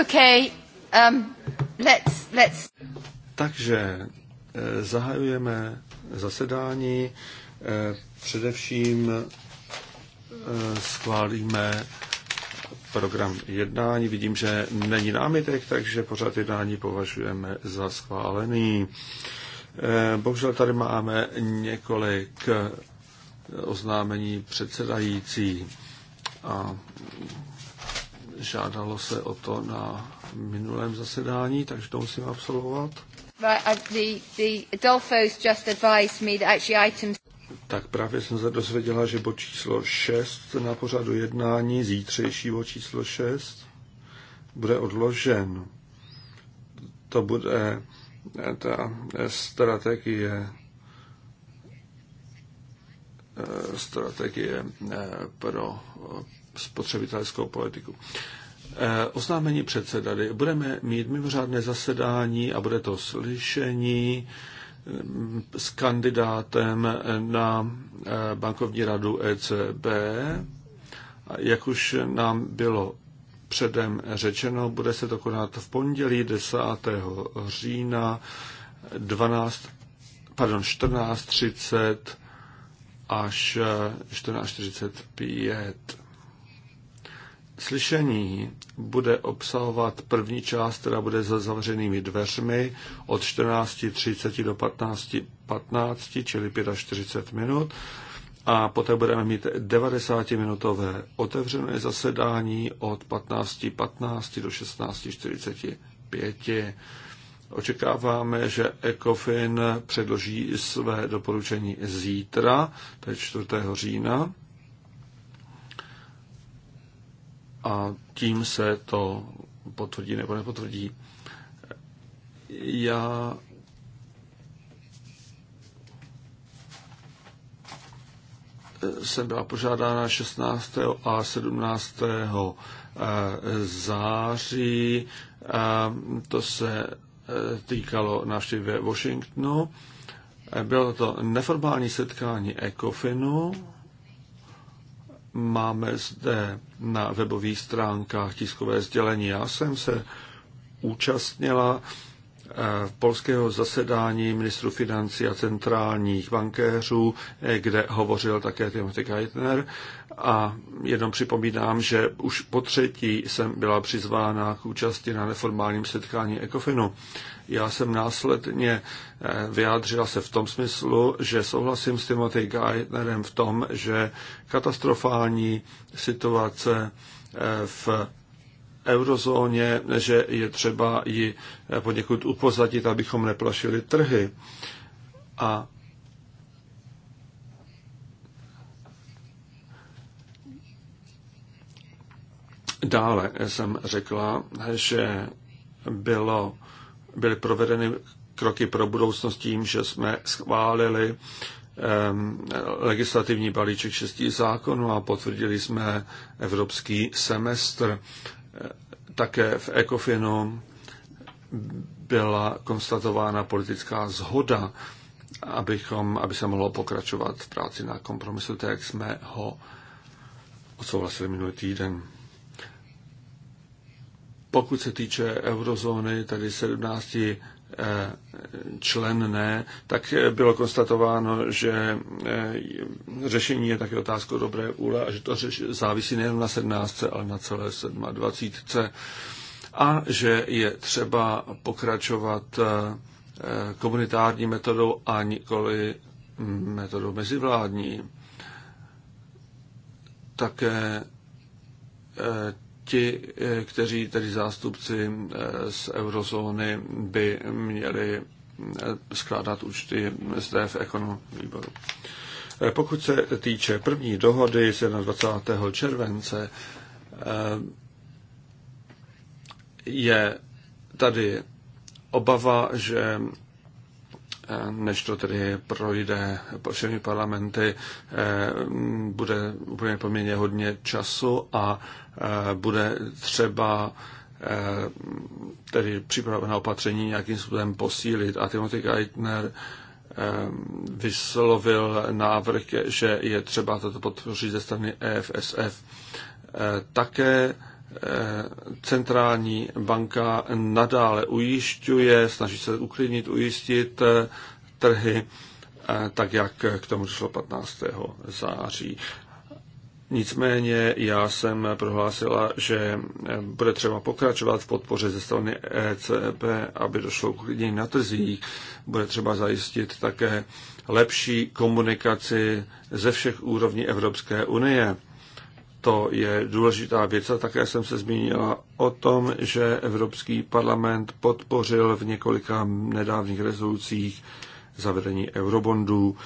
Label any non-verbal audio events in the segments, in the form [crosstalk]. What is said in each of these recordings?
Okay, um, let's, let's. Takže eh, zahajujeme zasedání. Eh, především eh, schválíme program jednání. Vidím, že není námitek, takže pořád jednání považujeme za schválený. Bohužel tady máme několik oznámení předsedající a Žádalo se o to na minulém zasedání, takže to musím absolvovat. Tak právě jsem se dozvěděla, že bod číslo 6 na pořadu jednání, zítřejší bod číslo 6, bude odložen. To bude eh, ta eh, strategie eh, strategie pro spotřebitelskou politiku. Eh, oznámení předsedady. Budeme mít mimořádné zasedání a bude to slyšení eh, s kandidátem eh, na bankovní radu ECB. Jak už nám bylo předem řečeno, bude se to konat v pondělí 10. října 12, pardon, 14.30 až 14.45. Slyšení bude obsahovat první část, která bude za zavřenými dveřmi od 14.30 do 15.15, 15, čili 45 minut. A poté budeme mít 90-minutové otevřené zasedání od 15.15 15 do 16.45. Očekáváme, že ECOFIN předloží své doporučení zítra, to je 4. října a tím se to potvrdí nebo nepotvrdí. Já jsem byla požádána 16. a 17. Eh, září. Eh, to se eh, týkalo návštěvy ve Washingtonu. Bylo to neformální setkání ECOFINu Máme zde na webových stránkách tiskové sdělení. Já jsem se účastnila Eh, polského zasedání ministru financí a centrálních bankéřů, eh, kde hovořil také Timothy Geithner. A jenom připomínám, že už po třetí jsem byla přizvána k účasti na neformálním setkání ECOFINu. Já jsem následně eh, vyjádřila se v tom smyslu, že souhlasím s Timothy Geithnerem v tom, že katastrofální situace v eurozóně, že je třeba ji poněkud upozadit, abychom neplašili trhy. A dále jsem řekla, že bylo, byly provedeny kroky pro budoucnost tím, že jsme schválili ehm, legislativní balíček šestí zákonů a potvrdili jsme evropský semestr také v ECOFINu byla konstatována politická zhoda, abychom, aby se mohlo pokračovat v práci na kompromisu, tak jak jsme ho odsouhlasili minulý týden. Pokud se týče eurozóny, tady 17 Eh, člen ne, tak bylo konstatováno, že eh, řešení je také otázkou dobré úle a že to závisí nejen na 17, ale na celé 27. A že je třeba pokračovat eh, komunitární metodou a nikoli mm, metodou mezivládní. Také ti, eh, kteří tedy zástupci eh, z eurozóny by měli eh, skládat účty z v výboru. Pokud se týče první dohody z 21. července, je tady obava, že než to tedy projde všemi parlamenty, bude úplně poměrně hodně času a Eh, bude třeba eh, tedy připravená opatření nějakým způsobem posílit. A Timothy Geithner eh, vyslovil návrh, že je třeba toto podpořit ze strany EFSF. Také centrální banka nadále ujišťuje, snaží se uklidnit, ujistit trhy, tak jak k tomu došlo 15. září. Nicméně já jsem prohlásila, že bude třeba pokračovat v podpoře ze strany ECB, aby došlo k lidí na trzích. Bude třeba zajistit také lepší komunikaci ze všech úrovní Evropské unie. To je důležitá věc a také jsem se zmínila o tom, že Evropský parlament podpořil v několika nedávných rezolucích zavedení eurobondů.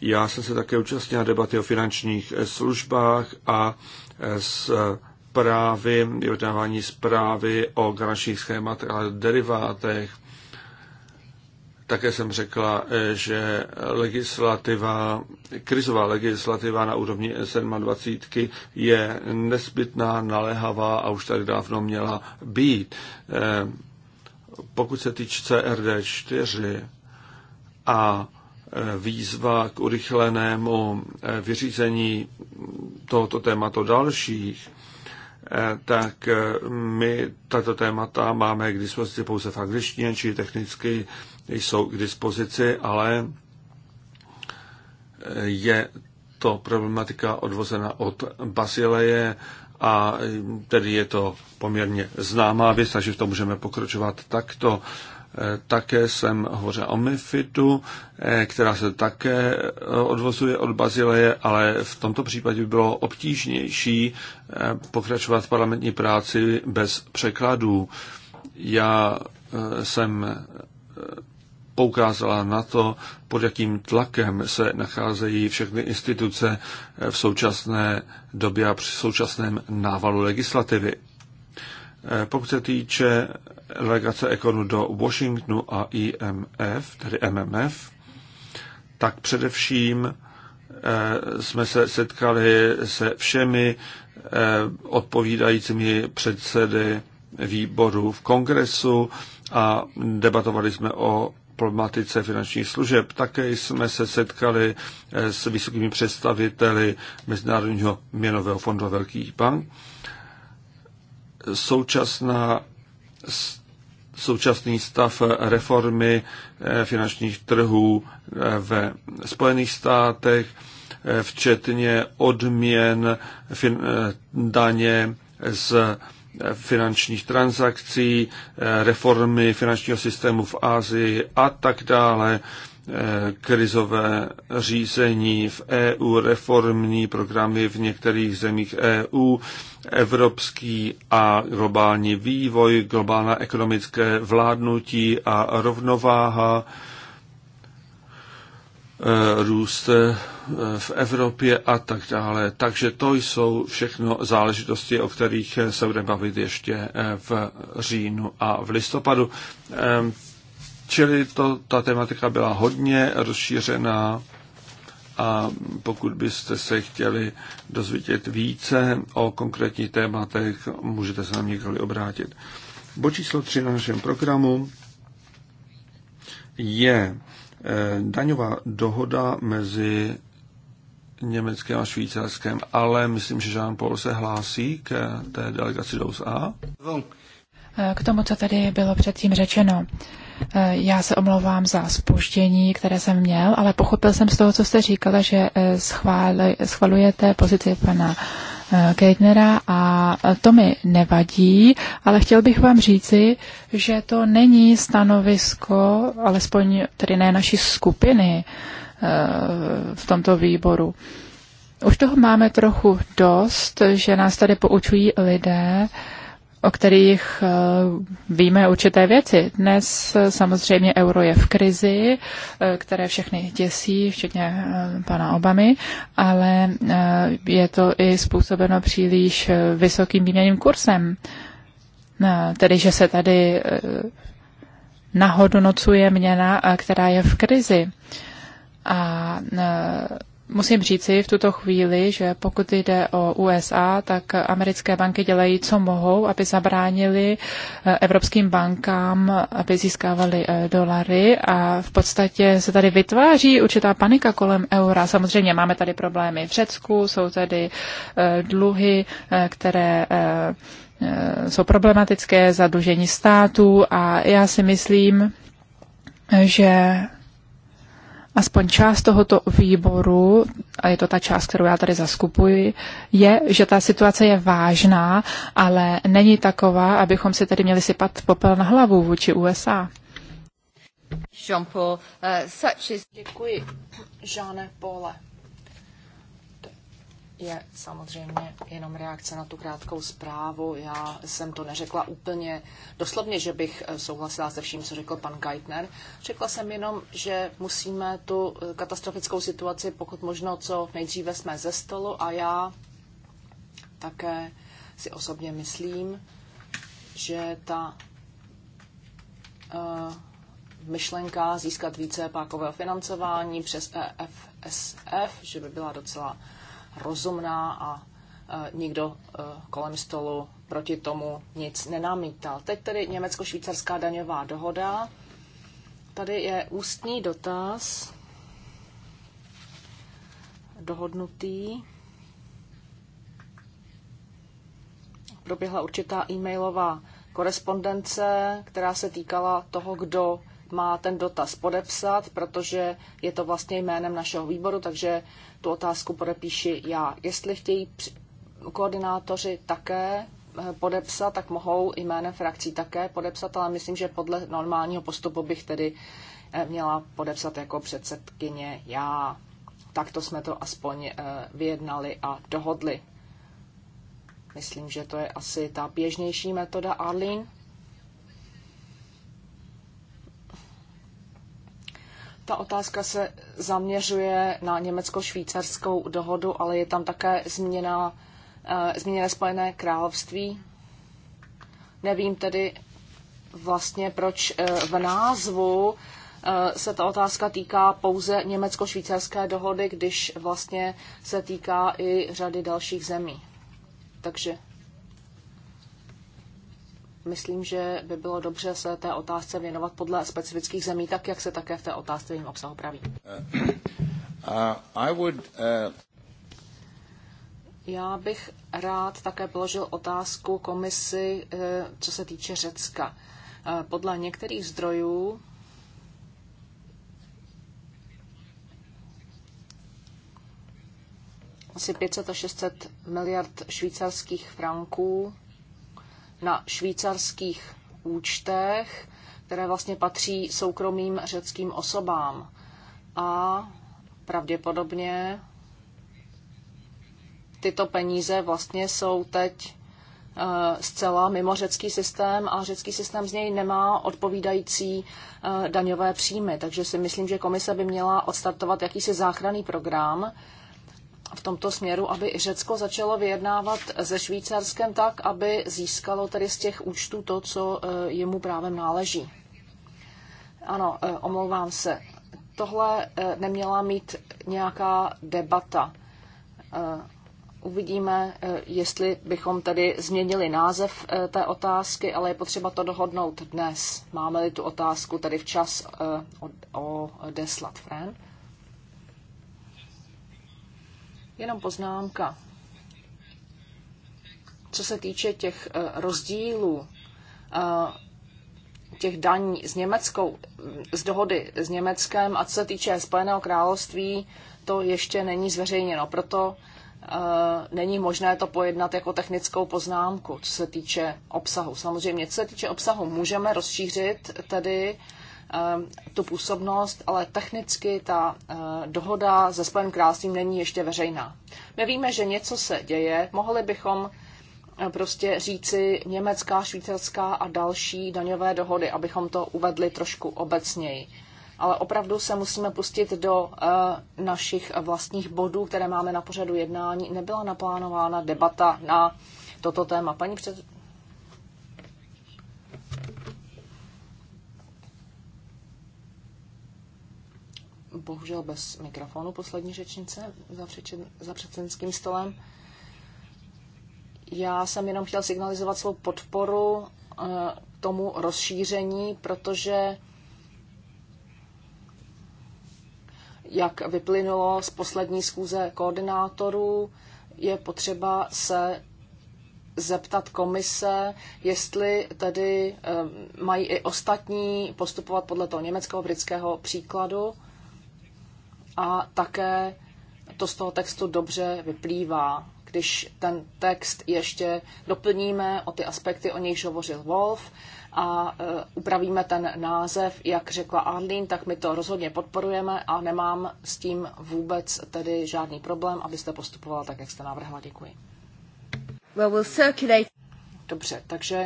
Já jsem se také účastnil debaty o finančních eh, službách a eh, s eh, právy, vydávání zprávy o garančních schématech a derivátech. Také jsem řekla, že legislativa, krizová legislativa na úrovni 27 je nezbytná, naléhavá a už tak dávno měla být. Pokud se týče CRD 4 a výzva k urychlenému eh, vyřízení tohoto tématu dalších, eh, tak eh, my tato témata máme k dispozici pouze v angličtině, či technicky jsou k dispozici, ale je to problematika odvozena od Basileje a tedy je to poměrně známá věc, takže v tom můžeme pokračovat takto. Eh, také jsem hovořil o MIFIDu, eh, která se také eh, odvozuje od Bazileje, ale v tomto případě by bylo obtížnější pokračovat v parlamentní práci bez překladů. Já jsem poukázala na to, pod jakým tlakem se nacházejí všechny instituce v současné době a při současném návalu legislativy. Eh, pokud se týče delegace Ekonu do Washingtonu a IMF, tedy MMF, tak především eh, jsme se setkali se všemi eh, odpovídajícími předsedy výboru v kongresu a debatovali jsme o problematice finančních služeb. Také jsme se setkali s vysokými představiteli Mezinárodního měnového fondu a velkých bank současná, současný stav reformy eh, finančních trhů eh, ve Spojených státech, eh, včetně odměn fin, daně z finančních transakcí, reformy finančního systému v Asii a tak dále. Eh, krizové řízení v EU, reformní programy v některých zemích EU, evropský a globální vývoj, globálna ekonomické vládnutí a rovnováha, eh, růst eh, v Evropě a tak dále. Takže to jsou všechno záležitosti, o kterých se budeme bavit ještě v říjnu a v listopadu. Čili to, ta tematika byla hodně rozšířená a pokud byste se chtěli dozvědět více o konkrétních tématech, můžete se na mě kdykoliv obrátit. Bo číslo 3 na našem programu je eh, daňová dohoda mezi Německém a Švýcarském, ale myslím, že Jean-Paul se hlásí k té delegaci do USA. Eh, k tomu, co tady bylo předtím řečeno. Eh, já se omlouvám za spoždění, které jsem měl, ale pochopil jsem z toho, co jste říkala, že eh, schvalujete pozici pana eh, Keitnera a to mi nevadí, ale chtěl bych vám říci, že to není stanovisko, alespoň tedy ne naší skupiny v tomto výboru. Už toho máme trochu dost, že nás tady poučují lidé, o kterých eh, víme určité věci. Dnes eh, samozřejmě euro je v krizi, eh, které všechny děsí, včetně pana Obamy, ale je to i způsobeno příliš vysokým výměným kursem. Tedy, že se tady nahodnocuje měna, která je v krizi. A Musím říci v tuto chvíli, že pokud jde o USA, tak americké banky dělají, co mohou, aby zabránili eh, evropským bankám, aby získávali eh, dolary a v podstatě se tady vytváří určitá panika kolem eura. Samozřejmě máme tady problémy v Řecku, jsou tady eh, dluhy, které jsou problematické, zadlužení států a já si myslím, že aspoň část tohoto výboru, a je to ta část, kterou já tady zaskupuji, je, že ta situace je vážná, ale není taková, abychom si tady měli sypat popel na hlavu vůči USA. Jean-Paul, uh, such is... Děkuji, Jean-Paul je samozřejmě jenom reakce na tu krátkou zprávu. Já jsem to neřekla úplně doslovně, že bych eh, souhlasila se vším, co řekl pan Geithner. Řekla jsem jenom, že musíme tu eh, katastrofickou situaci pokud možno co nejdříve jsme ze stolu a já také si osobně myslím, že ta uh, myšlenka získat více pákového financování přes EFSF, že by byla docela rozumná a e, nikdo e, kolem stolu proti tomu nic nenamítal. Teď tedy německo-švýcarská daňová dohoda. Tady je ústní dotaz dohodnutý. Proběhla určitá e-mailová korespondence, která se týkala toho, kdo má ten dotaz podepsat, protože je to vlastně jménem našeho výboru, takže tu otázku podepíši já. Jestli chtějí koordinátoři také eh, podepsat, tak mohou jménem frakcí také podepsat, ale myslím, že podle normálního postupu bych tedy eh, měla podepsat jako předsedkyně já. Takto jsme to aspoň eh, vyjednali a dohodli. Myslím, že to je asi ta běžnější metoda, Arlene. Ta otázka se zaměřuje na německo-švýcarskou dohodu, ale je tam také změna, eh, změněné Spojené království. Nevím tedy vlastně, proč eh, v názvu eh, se ta otázka týká pouze německo-švýcarské dohody, když vlastně se týká i řady dalších zemí. Takže myslím, že by bylo dobře se té otázce věnovat podle specifických zemí, tak jak se také v té otázce jim obsahu praví. Uh, uh, uh, Já bych rád také položil otázku komisi, co se týče Řecka. Podle některých zdrojů asi 500 a 600 miliard švýcarských franků na švýcarských účtech, které vlastně patří soukromým řeckým osobám. A pravděpodobně tyto peníze vlastně jsou teď eh, zcela mimo řecký systém a řecký systém z něj nemá odpovídající eh, daňové příjmy. Takže si myslím, že komise by měla odstartovat jakýsi záchranný program, v tomto směru, aby Řecko začalo vyjednávat se Švýcarskem tak, aby získalo tedy z těch účtů to, co e, jemu právem náleží. Ano, e, omlouvám se. Tohle e, neměla mít nějaká debata. Uvidíme, jestli bychom tedy změnili název té otázky, ale je potřeba to dohodnout dnes. Máme-li tu otázku tedy včas odeslat, Fran? Jenom poznámka. Co se týče těch eh, rozdílů, eh, těch daní s Německou, z dohody s Německem a co se týče Spojeného království, to ještě není zveřejněno. Proto eh, není možné to pojednat jako technickou poznámku, co se týče obsahu. Samozřejmě, co se týče obsahu, můžeme rozšířit tedy Ehm, tu působnost, ale technicky ta eh, dohoda se Spojeným královstvím není ještě veřejná. My víme, že něco se děje, mohli bychom eh, prostě říci německá, švýcarská a další daňové dohody, abychom to uvedli trošku obecněji. Ale opravdu se musíme pustit do eh, našich vlastních bodů, které máme na pořadu jednání. Nebyla naplánována debata na toto téma. Paní před, bohužel bez mikrofonu poslední řečnice za, přečen, za předsednickým stolem. Já jsem jenom chtěl signalizovat svou podporu eh, tomu rozšíření, protože jak vyplynulo z poslední schůze koordinátorů, je potřeba se zeptat komise, jestli tedy eh, mají i ostatní postupovat podle toho německého, britského příkladu a také to z toho textu dobře vyplývá. Když ten text ještě doplníme o ty aspekty, o nichž hovořil Wolf, a e, upravíme ten název, jak řekla Arlene, tak my to rozhodně podporujeme a nemám s tím vůbec tedy žádný problém, abyste postupovala tak, jak jste navrhla. Děkuji. Well, we'll circulate. Dobře, takže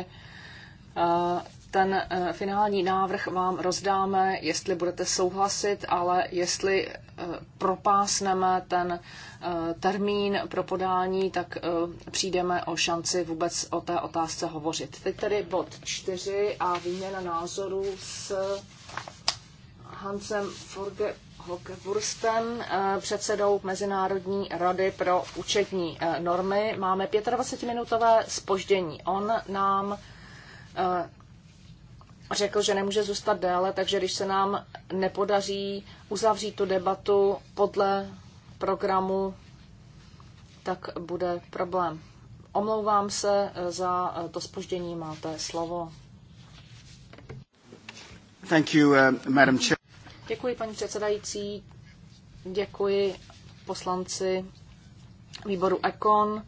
e, ten eh, finální návrh vám rozdáme, jestli budete souhlasit, ale jestli eh, propásneme ten eh, termín pro podání, tak přijdeme o šanci vůbec o té otázce hovořit. Teď tedy bod čtyři a výměna názorů s Hansem Forge Hockeburstem, předsedou Mezinárodní rady pro účetní normy. Máme 25-minutové spoždění. On nám řekl, že nemůže zůstat déle, takže když se nám nepodaří uzavřít tu debatu podle programu, tak bude problém. Omlouvám se eh, za eh, to spoždění, máte slovo. Thank you, uh, Madam Chair. Děkuji, paní předsedající. Děkuji poslanci výboru ECON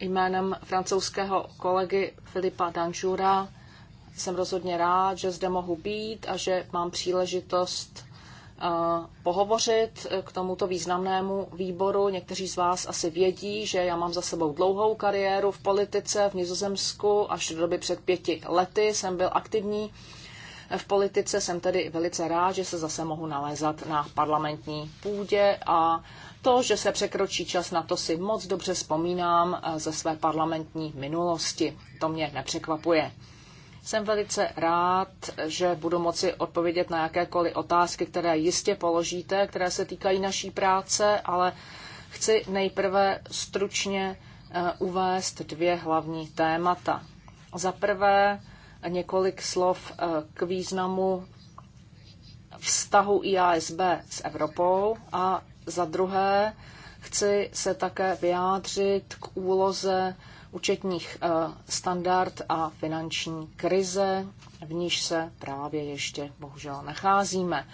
jménem francouzského kolegy Filipa Danžura jsem rozhodně rád, že zde mohu být a že mám příležitost eh, pohovořit eh, k tomuto významnému výboru. Někteří z vás asi vědí, že já mám za sebou dlouhou kariéru v politice v Nizozemsku. Až do doby před pěti lety jsem byl aktivní eh, v politice. Jsem tedy velice rád, že se zase mohu nalézat na parlamentní půdě a to, že se překročí čas, na to si moc dobře vzpomínám ze své parlamentní minulosti. To mě nepřekvapuje. Jsem velice rád, že budu moci odpovědět na jakékoliv otázky, které jistě položíte, které se týkají naší práce, ale chci nejprve stručně eh, uvést dvě hlavní témata. Za prvé několik slov eh, k významu vztahu IASB s Evropou a za druhé chci se také vyjádřit k úloze účetních eh, standard a finanční krize, v níž se právě ještě bohužel nacházíme.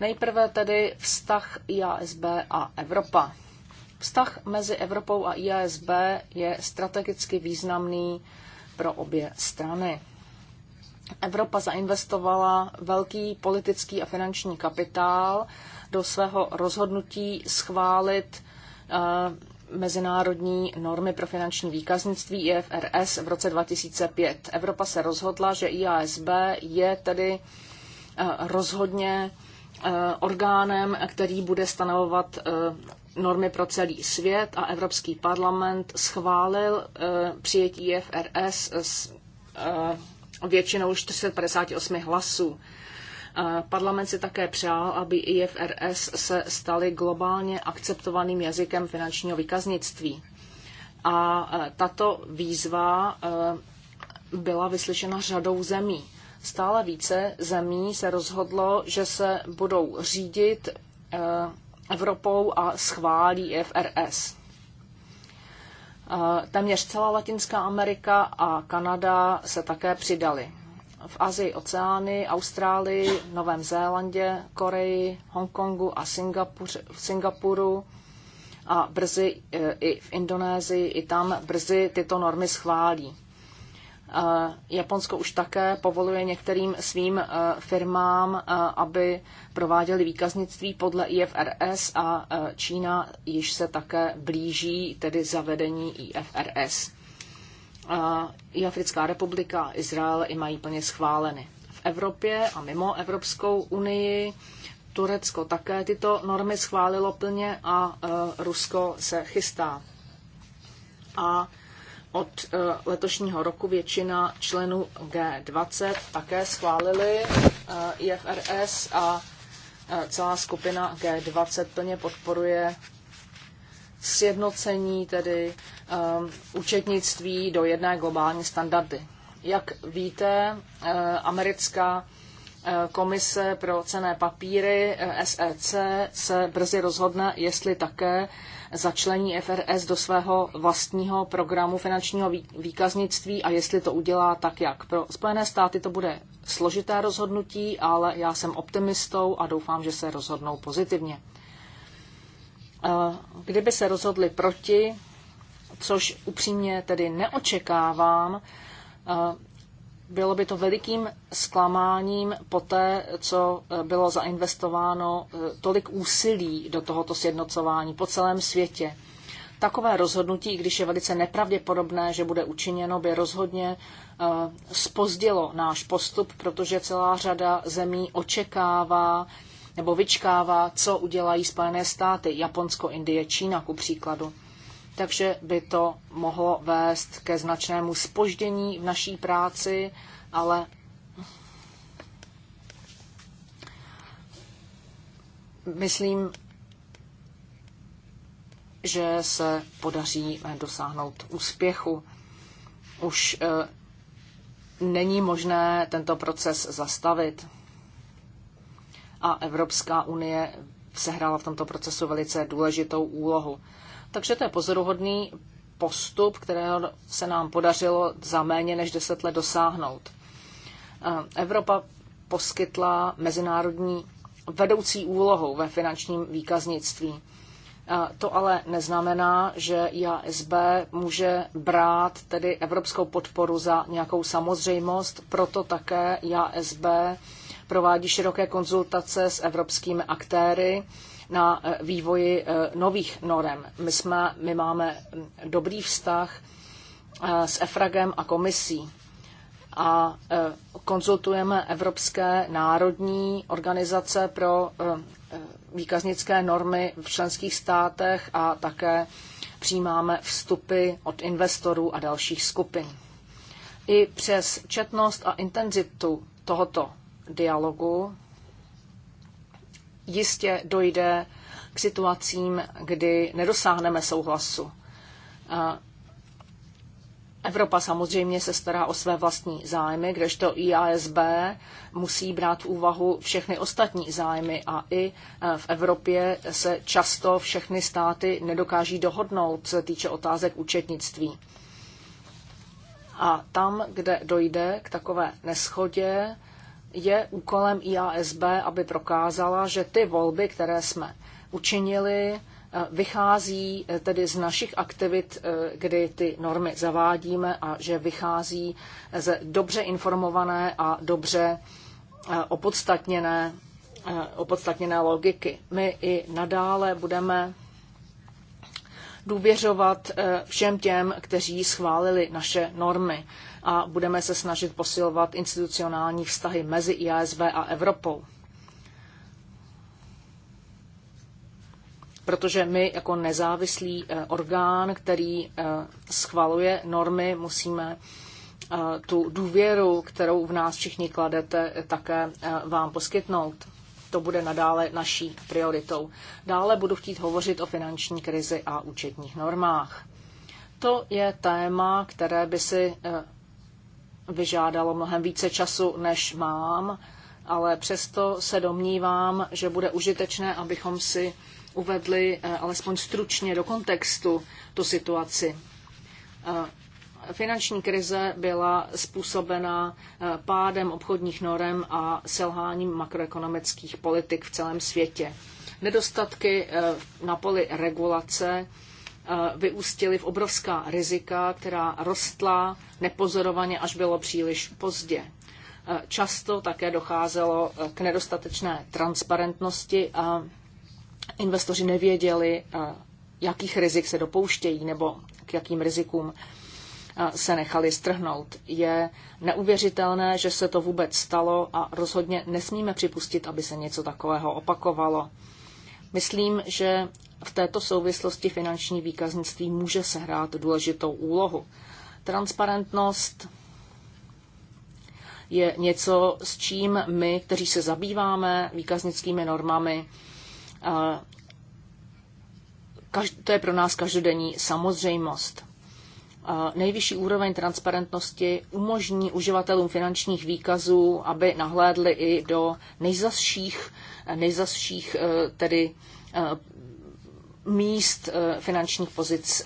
Nejprve tedy vztah IASB a Evropa. Vztah mezi Evropou a IASB je strategicky významný pro obě strany. Evropa zainvestovala velký politický a finanční kapitál do svého rozhodnutí schválit eh, mezinárodní normy pro finanční výkaznictví IFRS v roce 2005. Evropa se rozhodla, že IASB je tedy eh, rozhodně eh, orgánem, který bude stanovovat eh, normy pro celý svět a Evropský parlament schválil přijetí IFRS s většinou 458 hlasů. Parlament si také přál, aby IFRS se staly globálně akceptovaným jazykem finančního vykaznictví. A e, tato výzva e, byla vyslyšena řadou zemí. Stále více zemí se rozhodlo, že se budou řídit e, Evropou a schválí IFRS. Téměř celá Latinská Amerika a Kanada se také přidaly v Azii, oceány, Austrálii, Novém Zélandě, Koreji, Hongkongu a Singapuru a brzy e, i v Indonésii, i tam brzy tyto normy schválí. E, Japonsko už také povoluje některým svým e, firmám, aby prováděly výkaznictví podle IFRS a Čína již se také blíží tedy zavedení IFRS i Africká republika a Izrael i mají plně schváleny. V Evropě a mimo Evropskou unii Turecko také tyto normy schválilo plně a e, Rusko se chystá. A od e, letošního roku většina členů G20 také schválili e, IFRS a celá skupina G20 plně podporuje sjednocení tedy Um, účetnictví do jedné globální standardy. Jak víte, eh, americká eh, komise pro cené papíry eh, SEC se brzy rozhodne, jestli také začlení FRS do svého vlastního programu finančního výkaznictví a jestli to udělá tak, jak. Pro Spojené státy to bude složité rozhodnutí, ale já jsem optimistou a doufám, že se rozhodnou pozitivně. Kdyby se rozhodli proti, což upřímně tedy neočekávám. Eh, bylo by to velikým zklamáním po té, co eh, bylo zainvestováno eh, tolik úsilí do tohoto sjednocování po celém světě. Takové rozhodnutí, když je velice nepravděpodobné, že bude učiněno, by rozhodně spozdilo náš postup, protože celá řada zemí očekává nebo vyčkává, co udělají Spojené státy, Japonsko, Indie, Čína ku příkladu takže by to mohlo vést ke značnému spoždění v naší práci, ale myslím, že se podaří dosáhnout úspěchu. Už eh, není možné tento proces zastavit. A Evropská unie sehrála v tomto procesu velice důležitou úlohu. Takže to je pozoruhodný postup, kterého se nám podařilo za méně než deset let dosáhnout. Eh, Evropa poskytla mezinárodní vedoucí úlohou ve finančním výkaznictví. Eh, to ale neznamená, že JASB může brát tedy evropskou podporu za nějakou samozřejmost, proto také JASB provádí široké konzultace s evropskými aktéry, na eh, vývoji eh, nových norem. My, jsme, my máme mm, dobrý vztah eh, s EFRAGem a komisí a konzultujeme evropské národní organizace pro výkaznické normy v členských státech a také přijímáme vstupy od investorů a dalších skupin. I přes četnost a intenzitu tohoto dialogu jistě dojde k situacím, kdy nedosáhneme souhlasu. Evropa samozřejmě se stará o své vlastní zájmy, kdežto IASB musí brát v úvahu všechny ostatní zájmy a i e, v Evropě se často všechny státy nedokáží dohodnout, co se týče otázek účetnictví. A tam, kde dojde k takové neschodě, je úkolem IASB, aby prokázala, že ty volby, které jsme učinili, eh, vychází eh, tedy z našich aktivit, eh, kdy ty normy zavádíme a že vychází ze dobře informované a dobře opodstatněné, opodstatněné logiky. My i nadále budeme důvěřovat všem těm, kteří schválili naše normy a budeme se snažit posilovat institucionální vztahy mezi IASB a Evropou. protože my jako nezávislý eh, orgán, který eh, schvaluje normy, musíme eh, tu důvěru, kterou v nás všichni kladete, také vám poskytnout. To bude nadále naší prioritou. Dále budu chtít hovořit o finanční krizi a účetních normách. To je téma, které by si vyžádalo mnohem více času, než mám, ale přesto se domnívám, že bude užitečné, abychom si uvedli eh, alespoň stručně do kontextu tu situaci. Eh, finanční krize byla způsobena eh, pádem obchodních norem a selháním makroekonomických politik v celém světě. Nedostatky na poli regulace Eh, vyústily v obrovská rizika, která rostla nepozorovaně, až bylo příliš pozdě. Eh, často také docházelo eh, k nedostatečné transparentnosti a investoři nevěděli, jakých rizik se dopouštějí nebo k jakým rizikům se nechali strhnout. Je neuvěřitelné, že se to vůbec stalo a rozhodně nesmíme připustit, aby se něco takového opakovalo. Myslím, že v této souvislosti finanční výkaznictví může sehrát důležitou úlohu. Transparentnost je něco, s čím my, kteří se zabýváme výkaznickými normami, eh, to je pro nás každodenní samozřejmost nejvyšší úroveň transparentnosti umožní uživatelům finančních výkazů, aby nahlédli i do nejzasších, nejzasších eh, tedy eh, míst eh, finančních pozic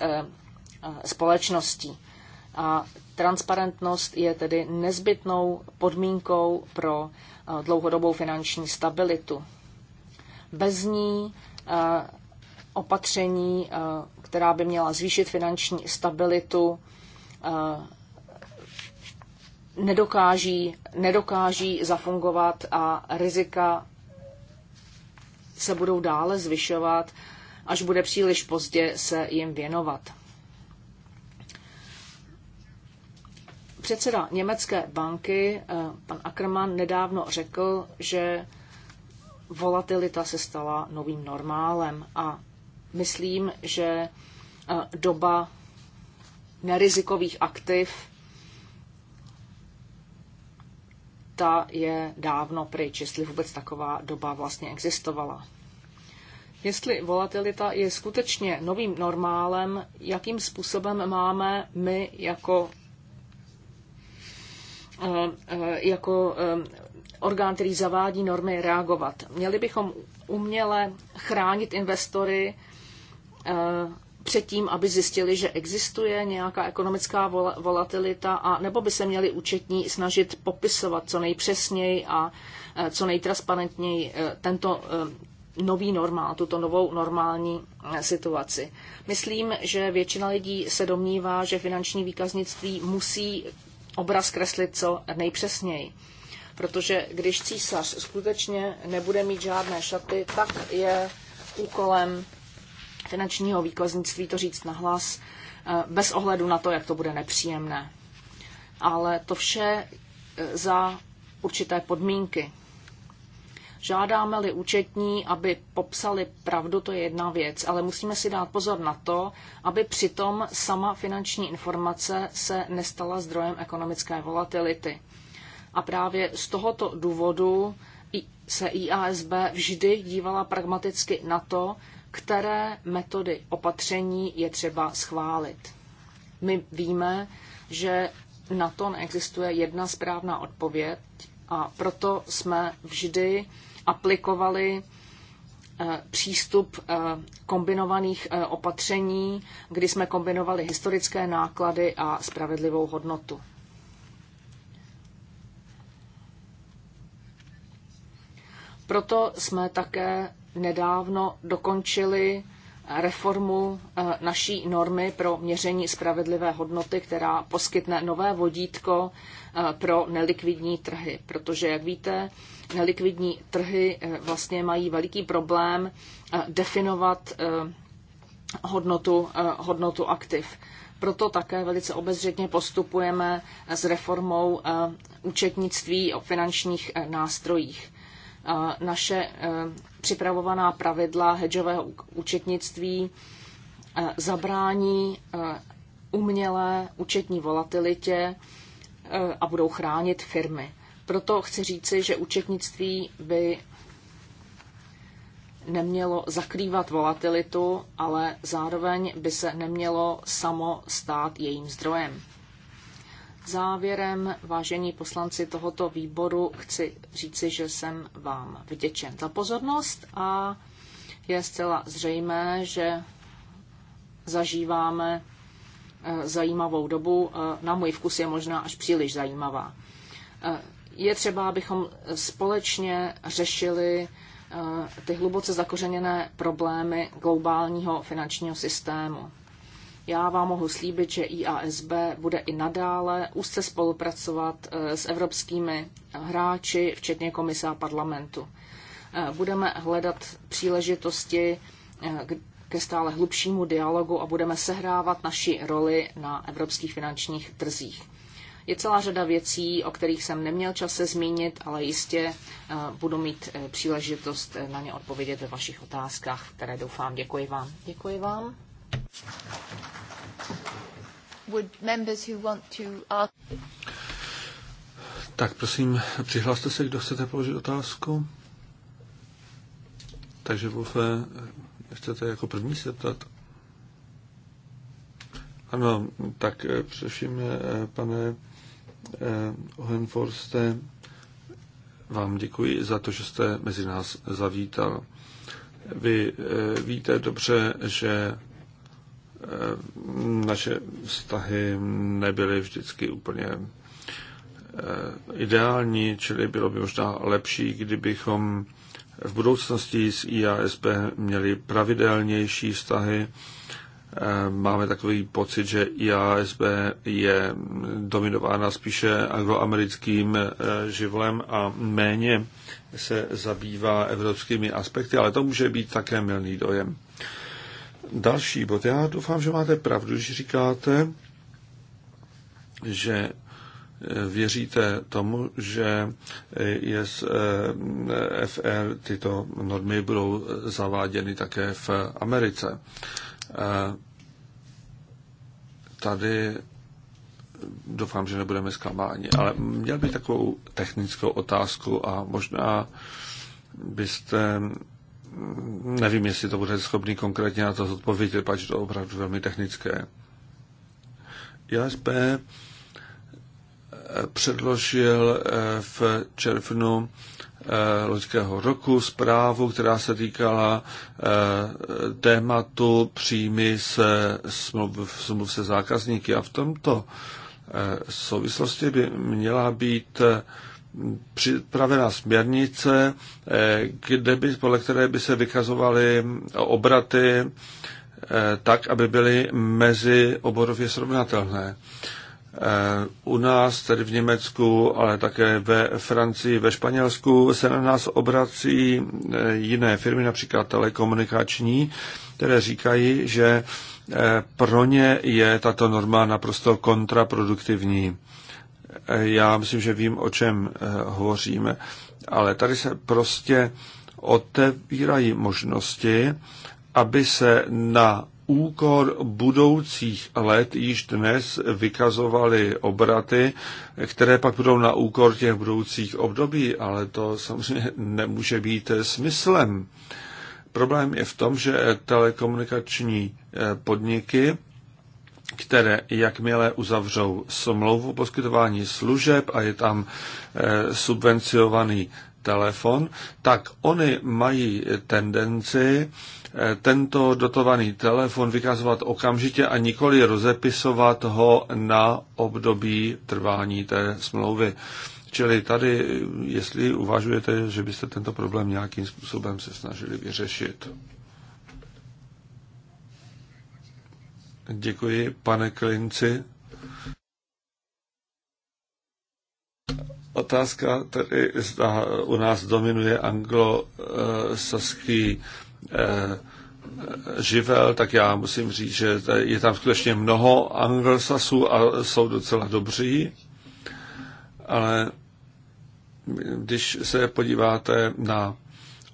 společností. A transparentnost je tedy nezbytnou podmínkou pro dlouhodobou finanční stabilitu. Bez ní opatření která by měla zvýšit finanční stabilitu, eh, nedokáží, nedokáží zafungovat a rizika se budou dále zvyšovat, až bude příliš pozdě se jim věnovat. Předseda německé banky, eh, pan Ackermann, nedávno řekl, že volatilita se stala novým normálem a myslím, že eh, doba nerizikových aktiv ta je dávno pryč, jestli vůbec taková doba vlastně existovala. Jestli volatilita je skutečně novým normálem, jakým způsobem máme my jako, eh, eh, jako orgán, který zavádí normy, reagovat. Měli bychom uměle chránit investory Eh, předtím, aby zjistili, že existuje nějaká ekonomická volatilita, a nebo by se měli účetní snažit popisovat co nejpřesněji a eh, co nejtransparentněji eh, tento nový normál, tuto novou normální situaci. Myslím, že většina lidí se domnívá, že finanční výkaznictví musí obraz kreslit co nejpřesněji. Protože když císař skutečně nebude mít žádné šaty, tak je úkolem finančního výkaznictví to říct nahlas, eh, bez ohledu na to, jak to bude nepříjemné. Ale to vše eh, za určité podmínky. Žádáme-li účetní, aby popsali pravdu, to je jedna věc, ale musíme si dát pozor na to, aby přitom sama finanční informace se nestala zdrojem ekonomické volatility. A právě z tohoto důvodu se IASB vždy dívala pragmaticky na to, které metody opatření je třeba schválit. My víme, že na to neexistuje jedna správná odpověď a proto jsme vždy aplikovali eh, přístup eh, kombinovaných eh, opatření, kdy jsme kombinovali historické náklady a spravedlivou hodnotu. Proto jsme také nedávno dokončili reformu eh, naší normy pro měření spravedlivé hodnoty, která poskytne nové vodítko eh, pro nelikvidní trhy. Protože, jak víte, nelikvidní trhy eh, vlastně mají veliký problém definovat hodnotu, hodnotu aktiv. Proto také velice obezřetně postupujeme s reformou účetnictví o finančních nástrojích naše eh, připravovaná pravidla hedžového účetnictví eh, zabrání eh, umělé účetní volatilitě a budou chránit firmy. Proto chci říci, že účetnictví by nemělo zakrývat volatilitu, ale zároveň by se nemělo samo stát jejím zdrojem. Závěrem, vážení poslanci tohoto výboru, chci říci, že jsem vám vděčen za pozornost a je zcela zřejmé, že zažíváme eh, zajímavou dobu. Eh, na můj vkus je možná až příliš zajímavá. Eh, je třeba, abychom společně řešili ty hluboce zakořeněné problémy globálního finančního systému. Já vám mohu slíbit, že IASB bude i nadále úzce spolupracovat eh, s evropskými hráči, včetně komise a parlamentu. Eh, budeme hledat příležitosti eh, ke stále hlubšímu dialogu a budeme sehrávat naši roli na evropských finančních trzích. Je celá řada věcí, o kterých jsem neměl čas se zmínit, ale jistě budu mít příležitost na ně odpovědět ve vašich otázkách, které doufám. Děkuji vám. Děkuji vám. Would members who want to ask... Tak prosím, přihlaste se, kdo chcete položit otázku. Takže Wolfe, chcete jako první se ptat? Ano, tak eh, především, eh, pane Hohenforste, eh, vám děkuji za to, že jste mezi nás zavítal. Vy víte dobře, že Eh, naše vztahy nebyly vždycky úplně eh, ideální, čili bylo by možná lepší, kdybychom v budoucnosti s IASB měli pravidelnější vztahy. Eh, máme takový pocit, že IASB je dominována spíše angloamerickým živlem a méně se zabývá evropskými aspekty, ale to může být také milný dojem další bod. Já doufám, že máte pravdu, když říkáte, že eh, věříte tomu, že eh, eh, FR tyto normy budou zaváděny také v Americe. Tady doufám, že nebudeme zklamáni, ale měl bych takovou technickou otázku a možná byste nevím, jestli to bude schopný konkrétně na to zodpovědět, pač to opravdu velmi technické. JSP předložil eh, v červnu eh, loňského roku zprávu, která se týkala eh, tématu příjmy se smluv, smluv se zákazníky. A v tomto souvislosti by měla být připravena směrnice, eh, kde by, podle které by se vykazovaly obraty eh, tak, aby byly mezi oborově srovnatelné. Eh, u nás, tedy v Německu, ale také ve Francii, ve Španělsku se na nás obrací jiné firmy, například telekomunikační, které říkají, že pro ně je tato norma naprosto kontraproduktivní. Já myslím, že vím, o čem eh, hovoříme, ale tady se prostě otevírají možnosti, aby se na úkor budoucích let již dnes vykazovaly obraty, které pak budou na úkor těch budoucích období, ale to samozřejmě [laughs] nemůže být smyslem. Problém je v tom, že telekomunikační eh, podniky které jakmile uzavřou smlouvu poskytování služeb a je tam eh, subvencionovaný telefon, tak oni mají tendenci eh, tento dotovaný telefon vykazovat okamžitě a nikoli rozepisovat ho na období trvání té smlouvy. Čili tady, jestli uvažujete, že byste tento problém nějakým způsobem se snažili vyřešit. Děkuji, pane Klinci. Otázka tedy, zda u nás dominuje anglosaský eh, eh, živel, tak já musím říct, že je tam skutečně mnoho anglosasů a jsou docela dobří, ale když se podíváte na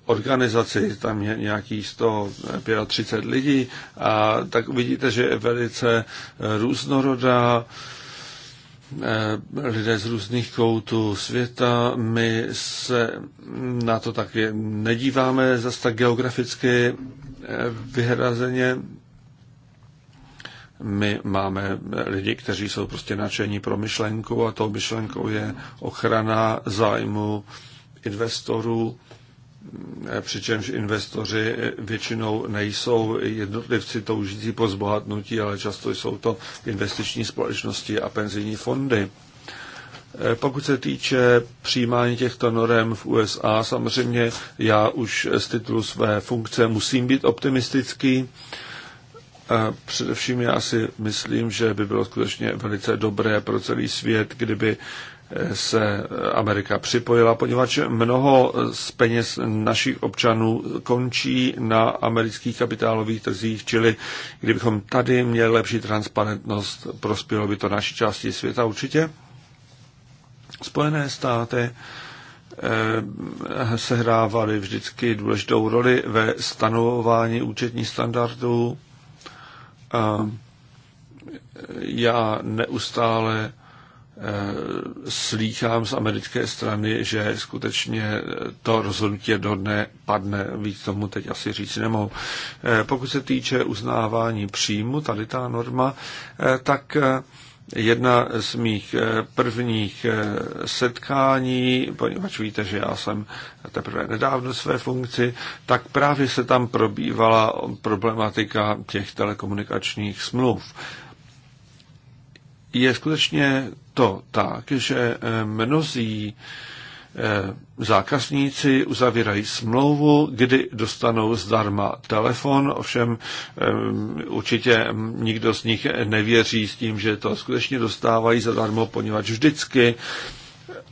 organizaci, tam je nějaký 135 lidí, a tak uvidíte, že je velice eh, různorodá, eh, lidé z různých koutů světa. My se na to taky nedíváme zase tak geograficky eh, vyhrazeně. My máme lidi, kteří jsou prostě nadšení pro myšlenku a tou myšlenkou je ochrana zájmu investorů Eh, přičemž investoři eh, většinou nejsou jednotlivci toužící po zbohatnutí, ale často jsou to investiční společnosti a penzijní fondy. Eh, pokud se týče přijímání těchto norem v USA, samozřejmě já už z titulu své funkce musím být optimistický. Především já si myslím, že by bylo skutečně velice dobré pro celý svět, kdyby se Amerika připojila, poněvadž mnoho z peněz našich občanů končí na amerických kapitálových trzích, čili kdybychom tady měli lepší transparentnost, prospělo by to naší části světa určitě. Spojené státy eh, sehrávaly vždycky důležitou roli ve stanovování účetních standardů. Já neustále slýchám z americké strany, že skutečně to rozhodnutí do dne padne, víc tomu teď asi říct nemohu. Pokud se týče uznávání příjmu, tady ta norma, tak jedna z mých prvních setkání, poněvadž víte, že já jsem teprve nedávno své funkci, tak právě se tam probývala problematika těch telekomunikačních smluv. Je skutečně to tak, že eh, mnozí eh, zákazníci uzavírají smlouvu, kdy dostanou zdarma telefon, ovšem eh, určitě nikdo z nich nevěří s tím, že to skutečně dostávají zadarmo, poněvadž vždycky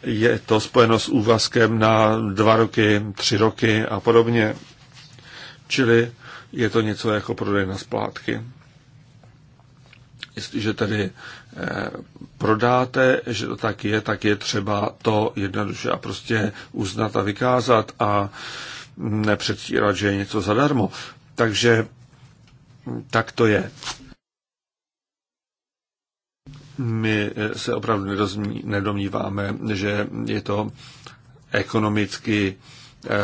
je to spojeno s úvazkem na dva roky, tři roky a podobně. Čili je to něco jako prodej na splátky. Jestliže tedy eh, prodáte, že to tak je, tak je třeba to jednoduše a prostě uznat a vykázat a nepředstírat, že je něco zadarmo. Takže hm, tak to je. My eh, se opravdu nedomníváme, že je to ekonomicky eh,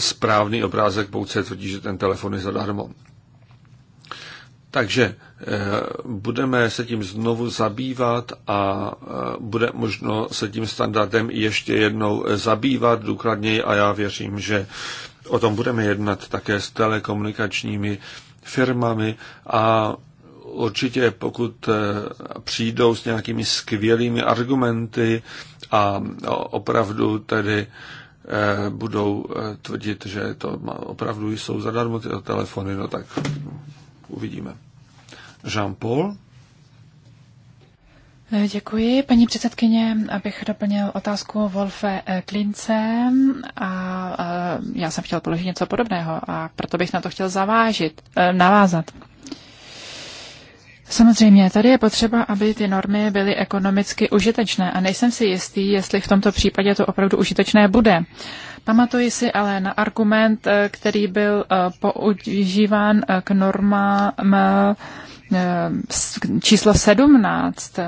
správný obrázek, pouze tvrdí, že ten telefon je zadarmo. Takže eh, budeme se tím znovu zabývat a eh, bude možno se tím standardem ještě jednou zabývat důkladněji a já věřím, že o tom budeme jednat také s telekomunikačními firmami a určitě pokud eh, přijdou s nějakými skvělými argumenty a opravdu tedy budou tvrdit, že to opravdu jsou zadarmo tyto telefony, no tak Uvidíme. Jean-Paul? Děkuji, paní předsedkyně. Abych doplnil otázku Wolfe eh, Klince a eh, já jsem chtěl položit něco podobného a proto bych na to chtěl zavážit, eh, navázat. Samozřejmě, tady je potřeba, aby ty normy byly ekonomicky užitečné a nejsem si jistý, jestli v tomto případě to opravdu užitečné bude. Pamatuji si ale na argument, eh, který byl eh, používán eh, k normám číslo 17.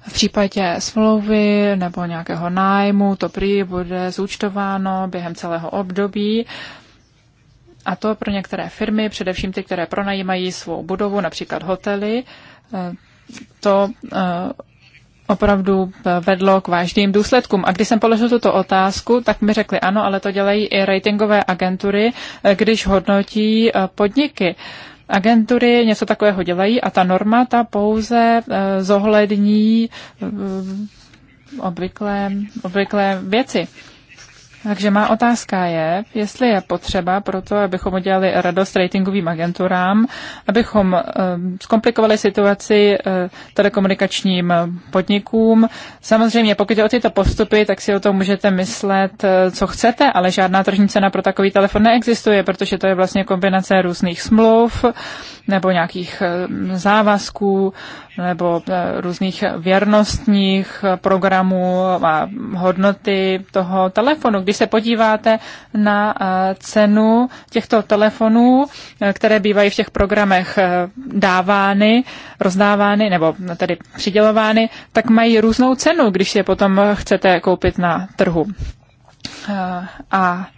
V případě smlouvy nebo nějakého nájmu to prý bude zúčtováno během celého období. A to pro některé firmy, především ty, které pronajímají svou budovu, například hotely, to opravdu vedlo k vážným důsledkům. A když jsem položil tuto otázku, tak mi řekli ano, ale to dělají i ratingové agentury, když hodnotí eh, podniky. Agentury něco takového dělají a ta norma ta pouze eh, zohlední eh, obvyklé, obvyklé věci. Takže má otázka je, jestli je potřeba pro to, abychom udělali radost ratingovým agenturám, abychom uh, zkomplikovali situaci uh, telekomunikačním podnikům. Samozřejmě, pokud je o tyto postupy, tak si o tom můžete myslet, uh, co chcete, ale žádná tržní cena pro takový telefon neexistuje, protože to je vlastně kombinace různých smluv nebo nějakých uh, závazků nebo uh, různých věrnostních programů a hodnoty toho telefonu když se podíváte na eh, cenu těchto telefonů, eh, které bývají v těch programech eh, dávány, rozdávány nebo tedy přidělovány, tak mají různou cenu, když je potom chcete koupit na trhu. A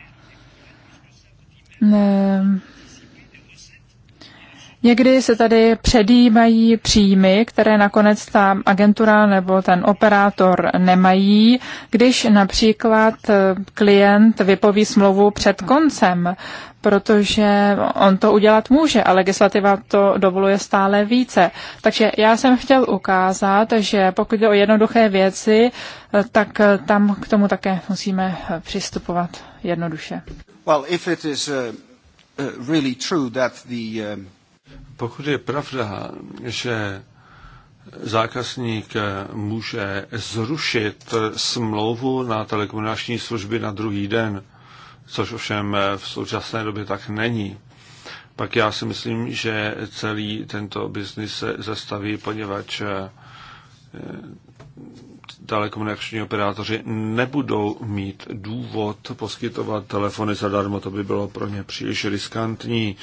Někdy se tady předjímají příjmy, které nakonec ta agentura nebo ten operátor nemají, když například eh, klient vypoví smlouvu před koncem, protože on to udělat může a legislativa to dovoluje stále více. Takže já jsem chtěl ukázat, že pokud jde o jednoduché věci, eh, tak eh, tam k tomu také musíme přistupovat jednoduše. Well, if it is, uh, really true that the, uh... Pokud je pravda, že zákazník může zrušit smlouvu na telekomunikační služby na druhý den, což ovšem v současné době tak není, pak já si myslím, že celý tento biznis se zastaví, poněvadž eh, telekomunikační operátoři nebudou mít důvod poskytovat telefony zadarmo, to by bylo pro ně příliš riskantní.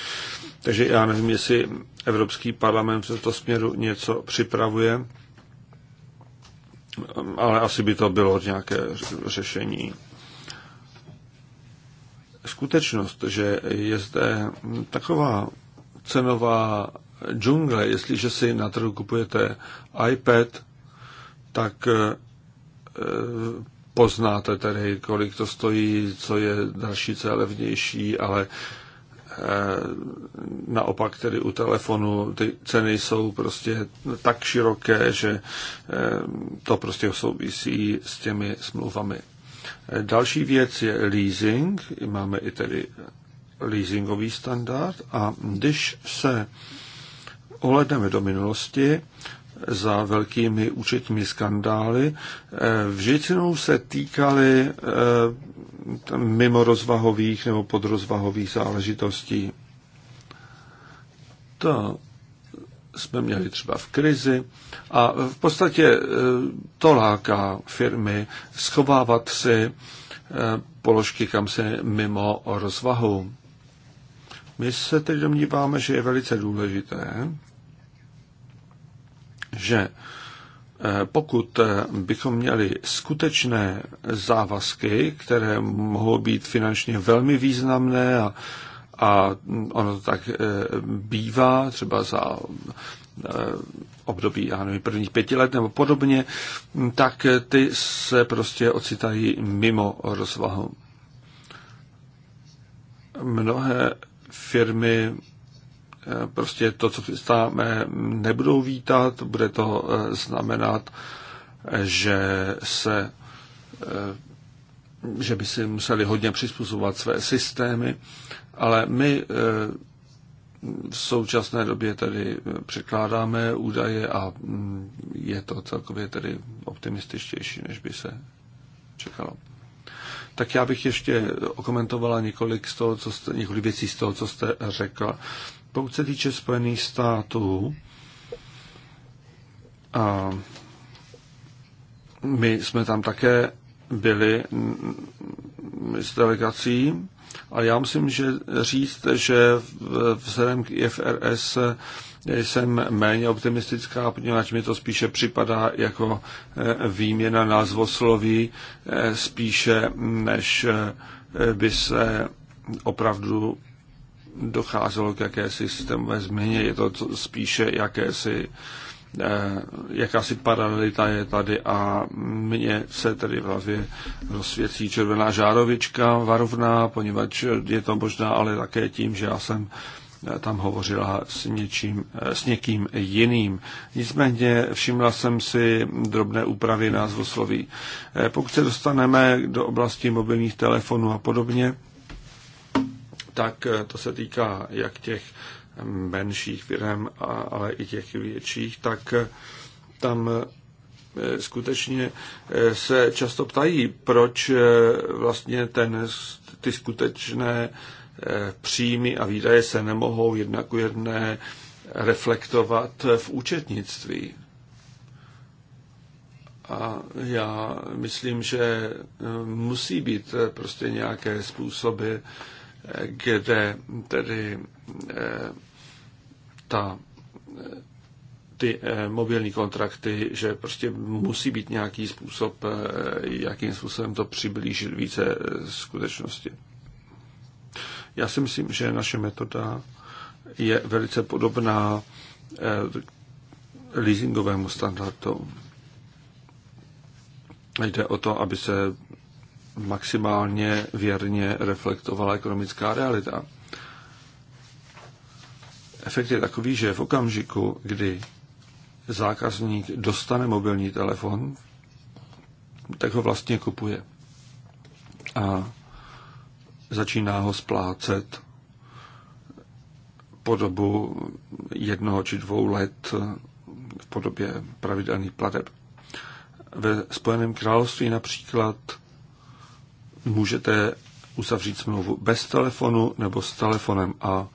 Takže já nevím, jestli Evropský parlament v tomto směru něco připravuje, ale asi by to bylo nějaké řešení. Skutečnost, že je zde taková cenová džungle, jestliže si na trhu kupujete iPad, tak poznáte tedy, kolik to stojí, co je další, co je levnější, ale eh, naopak tedy u telefonu ty ceny jsou prostě tak široké, že eh, to prostě souvisí s těmi smlouvami. Eh, další věc je leasing, máme i tedy leasingový standard a když se ohledneme do minulosti, za velkými účetními skandály. Eh, většinou se týkaly eh, mimo rozvahových nebo podrozvahových záležitostí. To jsme měli třeba v krizi a v podstatě eh, to láká firmy schovávat si položky, kam se mimo rozvahu. My se teď domníváme, že je velice důležité, že eh, pokud eh, bychom měli skutečné závazky, které mohou být finančně velmi významné a, a ono to tak eh, bývá, třeba za období, já nevím, prvních pěti let nebo podobně, tak ty se prostě ocitají mimo rozvahu. Mnohé firmy prostě to, co chystáme, nebudou vítat. Bude to eh, znamenat, že se eh, že by si museli hodně přizpůsobovat své systémy, ale my eh, v současné době tedy překládáme údaje a mm, je to celkově tedy optimističtější, než by se čekalo tak já bych ještě okomentovala několik, z toho, co jste, několik věcí z toho, co jste řekla. Pokud se týče Spojených států, a my jsme tam také byli mm, s delegací a já musím že říct, že vzhledem k IFRS jsem méně optimistická, poněvadž mi to spíše připadá jako eh, výměna názvosloví eh, spíše, než eh, by se opravdu docházelo k jakési systémové změně. Je to spíše jakési jakási paralelita je tady a mně se tedy v hlavě rozsvěcí červená žárovička varovná, poněvadž je to možná ale také tím, že já jsem tam hovořila s, něčím, s někým jiným. Nicméně všimla jsem si drobné úpravy názvu sloví. Eh, pokud se dostaneme do oblasti mobilních telefonů a podobně, tak eh, to se týká jak těch menších firm, ale i těch větších, tak eh, tam skutečně se často ptají, proč vlastně ten, ty skutečné Eh, příjmy a výdaje se nemohou jednak u jedné reflektovat v účetnictví. A já myslím, že eh, musí být eh, prostě nějaké způsoby, kde tedy ta, ty mobilní kontrakty, že prostě musí být nějaký způsob, jakým způsobem to přiblížit více skutečnosti. Já si myslím, že naše metoda je velice podobná eh, leasingovému standardu. Jde o to, aby se maximálně věrně reflektovala ekonomická realita. Efekt je takový, že v okamžiku, kdy zákazník dostane mobilní telefon, tak ho vlastně kupuje. A začíná ho splácet po dobu jednoho či dvou let v podobě pravidelných plateb. Ve Spojeném království například můžete uzavřít smlouvu bez telefonu nebo s telefonem a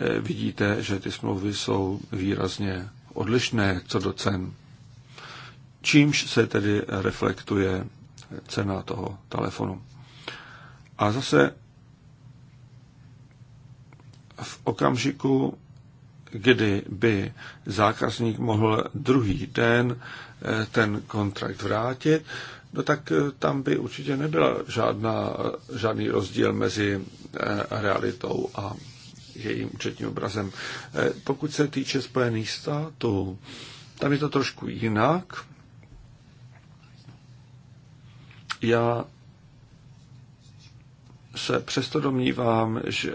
e, vidíte, že ty smlouvy jsou výrazně odlišné co do cen. Čímž se tedy reflektuje cena toho telefonu. A zase v okamžiku, kdy by zákazník mohl druhý den eh, ten kontrakt vrátit, no tak eh, tam by určitě nebyl žádná, eh, žádný rozdíl mezi realitou a jejím účetním obrazem. Pokud se týče Spojených států, tam je to trošku jinak. Já se přesto domnívám, že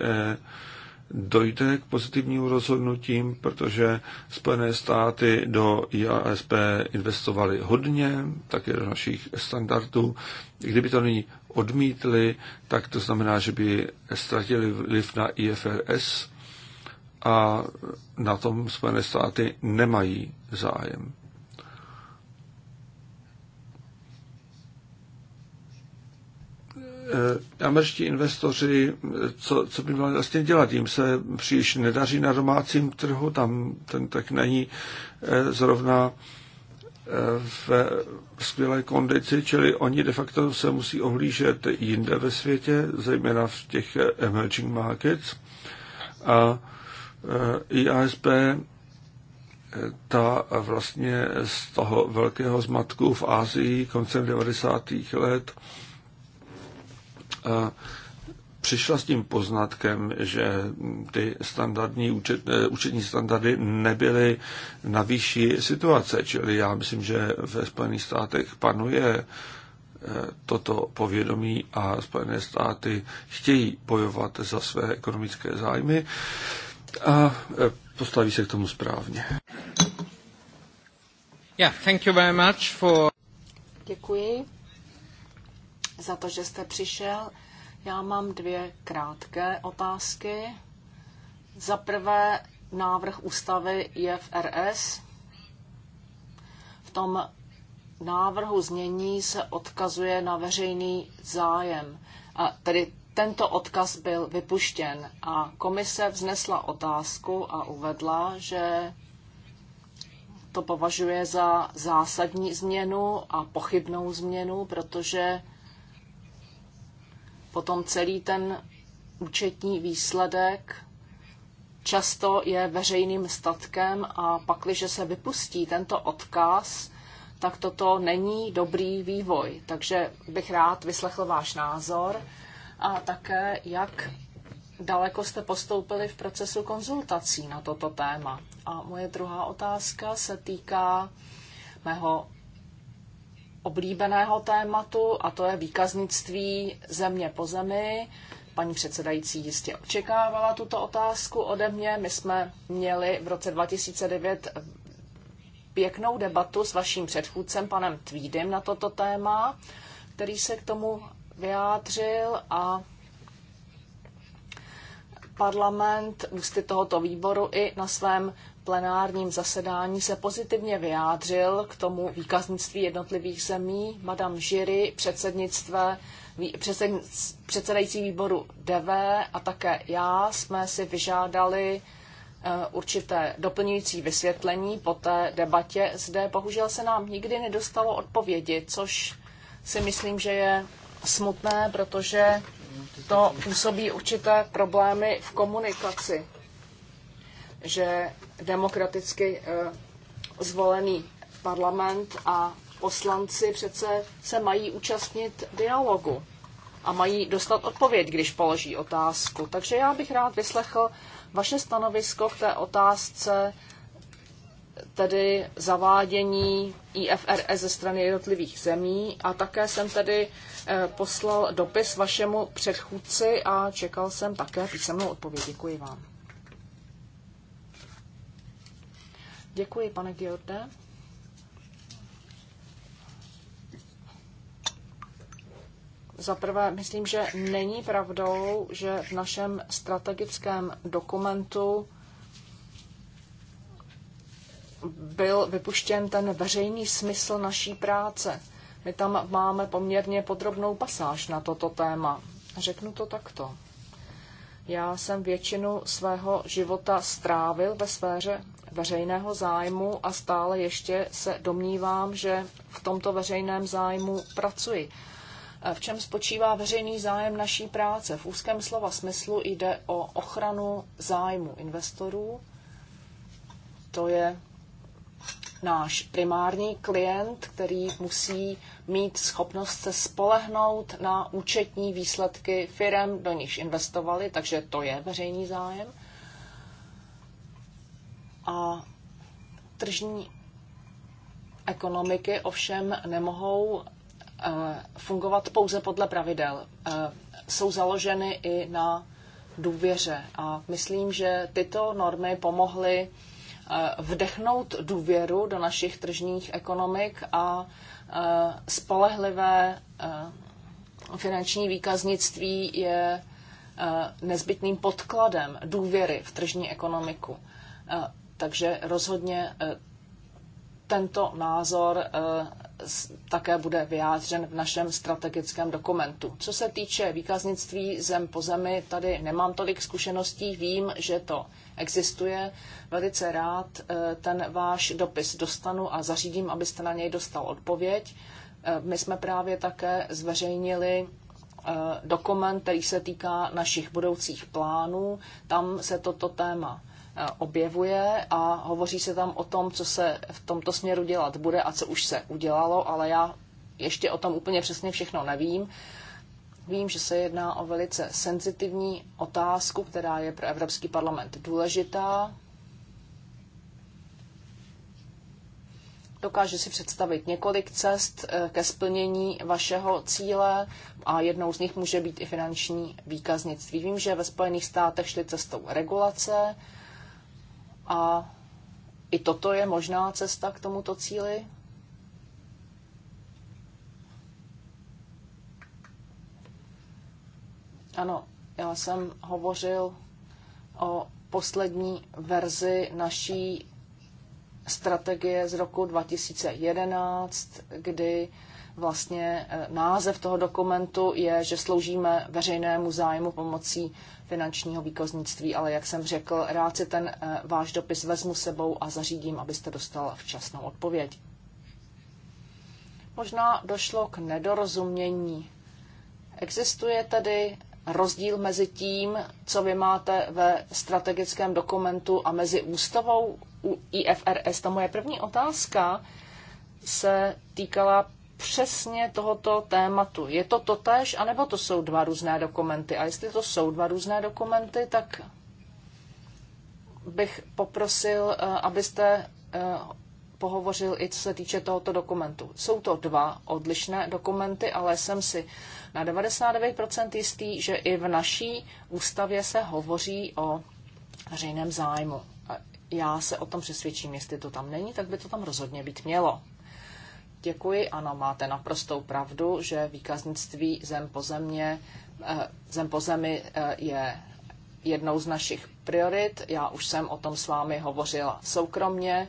dojde k pozitivním rozhodnutím, protože Spojené státy do IASP investovaly hodně, také do našich standardů. Kdyby to nyní odmítli, tak to znamená, že by ztratili vliv na IFRS a na tom Spojené státy nemají zájem. Eh, američtí investoři, eh, co, co by měli vlastně dělat? Jim se příliš nedaří na domácím trhu, tam ten tak není eh, zrovna v skvělé kondici, čili oni de facto se musí ohlížet jinde ve světě, zejména v těch emerging markets. A IASB ta vlastně z toho velkého zmatku v Ázii koncem 90. let a přišla s tím poznatkem, že ty standardní účet, eh, účetní standardy nebyly na výši situace, čili já myslím, že ve Spojených státech panuje eh, toto povědomí a Spojené státy chtějí bojovat za své ekonomické zájmy a eh, postaví se k tomu správně. Yeah, thank you very much for... Děkuji za to, že jste přišel. Já mám dvě krátké otázky. Za prvé, návrh ústavy je v RS. V tom návrhu znění se odkazuje na veřejný zájem. A tedy tento odkaz byl vypuštěn a komise vznesla otázku a uvedla, že to považuje za zásadní změnu a pochybnou změnu, protože potom celý ten účetní výsledek často je veřejným statkem a pakliže se vypustí tento odkaz, tak toto není dobrý vývoj. Takže bych rád vyslechl váš názor a také, jak daleko jste postoupili v procesu konzultací na toto téma. A moje druhá otázka se týká mého oblíbeného tématu, a to je výkaznictví země po zemi. Paní předsedající jistě očekávala tuto otázku ode mě. My jsme měli v roce 2009 pěknou debatu s vaším předchůdcem, panem Tvídem, na toto téma, který se k tomu vyjádřil a parlament ústy tohoto výboru i na svém plenárním zasedání se pozitivně vyjádřil k tomu výkaznictví jednotlivých zemí. Madame Žiry, předsedající výboru DV a také já jsme si vyžádali eh, určité doplňující vysvětlení po té debatě zde. Bohužel se nám nikdy nedostalo odpovědi, což si myslím, že je smutné, protože to působí určité problémy v komunikaci že demokraticky eh, zvolený parlament a poslanci přece se mají účastnit dialogu a mají dostat odpověď, když položí otázku. Takže já bych rád vyslechl vaše stanovisko k té otázce, tedy zavádění IFRS ze strany jednotlivých zemí a také jsem tedy eh, poslal dopis vašemu předchůdci a čekal jsem také písemnou odpověď. Děkuji vám. Děkuji, pane Giorde. Za prvé, myslím, že není pravdou, že v našem strategickém dokumentu byl vypuštěn ten veřejný smysl naší práce. My tam máme poměrně podrobnou pasáž na toto téma. Řeknu to takto. Já jsem většinu svého života strávil ve sféře veřejného zájmu a stále ještě se domnívám, že v tomto veřejném zájmu pracuji. Eh, v čem spočívá veřejný zájem naší práce? V úzkém slova smyslu jde o ochranu zájmu investorů. To je náš primární klient, který musí mít schopnost se spolehnout na účetní výsledky firm, do nichž investovali, takže to je veřejný zájem a tržní ekonomiky ovšem nemohou eh, fungovat pouze podle pravidel. Eh, jsou založeny i na důvěře a myslím, že tyto normy pomohly eh, vdechnout důvěru do našich tržních ekonomik a spolehlivé finanční výkaznictví je nezbytným podkladem důvěry v tržní ekonomiku. Takže rozhodně eh, tento názor eh, také bude vyjádřen v našem strategickém dokumentu. Co se týče výkaznictví zem po zemi, tady nemám tolik zkušeností, vím, že to existuje. Velice rád eh, ten váš dopis dostanu a zařídím, abyste na něj dostal odpověď. My jsme právě také zveřejnili dokument, který se týká našich budoucích plánů. Tam se toto téma Eh, objevuje a hovoří se tam o tom, co se v tomto směru dělat bude a co už se udělalo, ale já ještě o tom úplně přesně všechno nevím. Vím, že se jedná o velice senzitivní otázku, která je pro Evropský parlament důležitá. Dokáže si představit několik cest eh, ke splnění vašeho cíle a jednou z nich může být i finanční výkaznictví. Vím, že ve Spojených státech šli cestou regulace, a i toto je možná cesta k tomuto cíli? Ano, já jsem hovořil o poslední verzi naší strategie z roku 2011, kdy vlastně e, název toho dokumentu je, že sloužíme veřejnému zájmu pomocí finančního výkoznictví, ale jak jsem řekl, rád si ten eh, váš dopis vezmu sebou a zařídím, abyste dostal včasnou odpověď. Možná došlo k nedorozumění. Existuje tedy rozdíl mezi tím, co vy máte ve strategickém dokumentu a mezi ústavou u IFRS? Ta moje první otázka se týkala přesně tohoto tématu. Je to totéž, anebo to jsou dva různé dokumenty? A jestli to jsou dva různé dokumenty, tak bych poprosil, eh, abyste eh, pohovořil i co se týče tohoto dokumentu. Jsou to dva odlišné dokumenty, ale jsem si na 99% jistý, že i v naší ústavě se hovoří o veřejném zájmu. Já se o tom přesvědčím, jestli to tam není, tak by to tam rozhodně být mělo. Děkuji, ano, máte naprostou pravdu, že výkaznictví zem po, země, eh, zem po zemi eh, je jednou z našich priorit. Já už jsem o tom s vámi hovořila soukromně.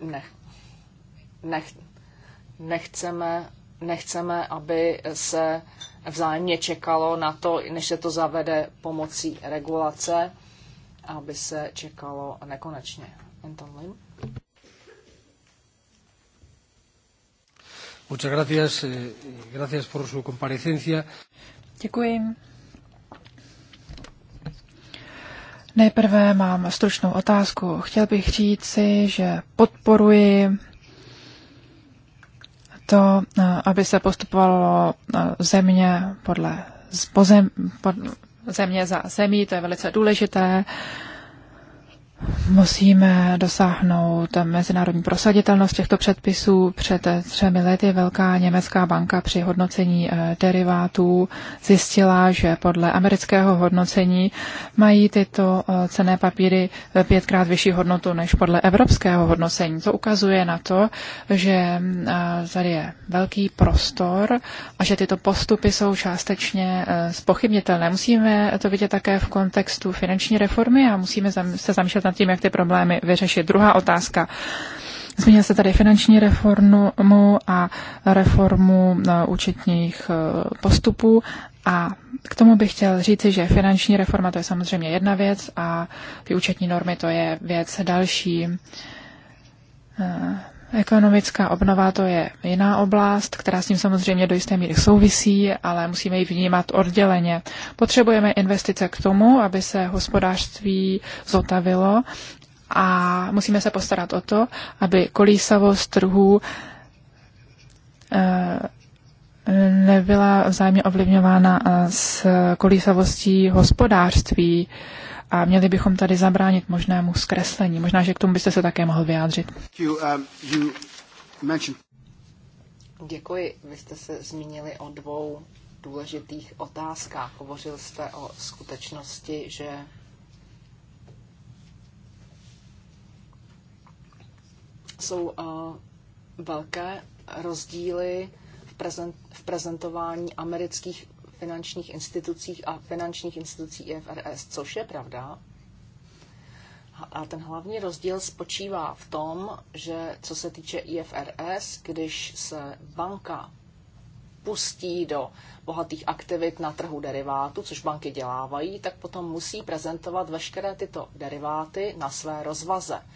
Nech, nech, nechceme, nechceme, aby se vzájemně čekalo na to, než se to zavede pomocí regulace aby se čekalo nekonečně. Anton Lim. Muchas gracias. Eh, gracias por su comparecencia. Děkuji. Nejprve mám stručnou otázku. Chtěl bych říci, že podporuji to, eh, aby se postupovalo eh, země podle, pozem, pod, země za zemí, to je velice důležité musíme dosáhnout mezinárodní prosaditelnost těchto předpisů. Před třemi lety velká německá banka při hodnocení eh, derivátů zjistila, že podle amerického hodnocení mají tyto eh, cené papíry eh, pětkrát vyšší hodnotu než podle evropského hodnocení. To ukazuje na to, že tady je velký prostor a že tyto postupy jsou částečně spochybnitelné. Musíme to vidět také v kontextu finanční reformy a musíme se zamýšlet nad tím, jak ty problémy vyřešit. Druhá otázka. Zmínil se tady finanční reformu a reformu e, účetních e, postupů a k tomu bych chtěl říci, že finanční reforma to je samozřejmě jedna věc a ty účetní normy to je věc další. E, Ekonomická obnova to je jiná oblast, která s tím samozřejmě do jisté míry souvisí, ale musíme ji vnímat odděleně. Potřebujeme investice k tomu, aby se hospodářství zotavilo a musíme se postarat o to, aby kolísavost trhů eh, nebyla vzájemně ovlivňována eh, s kolísavostí hospodářství a měli bychom tady zabránit možnému zkreslení. Možná, že k tomu byste se také mohl vyjádřit. Um, Děkuji. Vy jste se zmínili o dvou důležitých otázkách. Hovořil jste o skutečnosti, že jsou uh, velké rozdíly v, prezent, v prezentování amerických finančních institucích a finančních institucí IFRS, což je pravda. A ten hlavní rozdíl spočívá v tom, že co se týče IFRS, když se banka pustí do bohatých aktivit na trhu derivátů, což banky dělávají, tak potom musí prezentovat veškeré tyto deriváty na své rozvaze. E,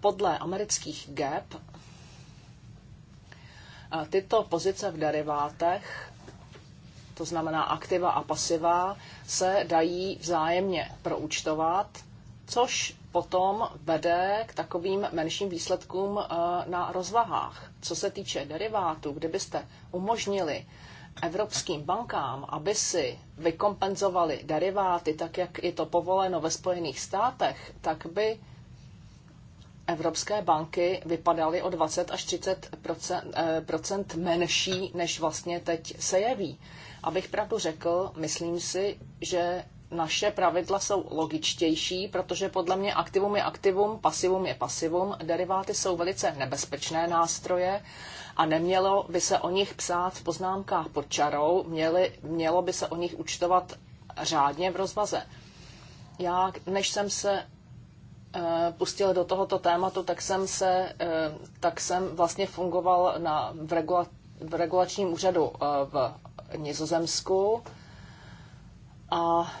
podle amerických GAP e e, tyto pozice v derivátech to znamená aktiva a pasiva, se dají vzájemně proučtovat, což potom vede k takovým menším výsledkům eh, na rozvahách. Co se týče derivátů, kdybyste umožnili evropským bankám, aby si vykompenzovali deriváty tak, jak je to povoleno ve Spojených státech, tak by evropské banky vypadaly o 20 až 30 eh, procent menší, než vlastně teď se jeví. Abych pravdu řekl, myslím si, že naše pravidla jsou logičtější, protože podle mě aktivum je aktivum, pasivum je pasivum, deriváty jsou velice nebezpečné nástroje a nemělo by se o nich psát v poznámkách pod čarou, měli, mělo by se o nich účtovat řádně v rozvaze. Já, než jsem se Eh, pustil do tohoto tématu, tak jsem, se, eh, tak jsem vlastně fungoval na, v, regula, v regulačním úřadu eh, v Nizozemsku a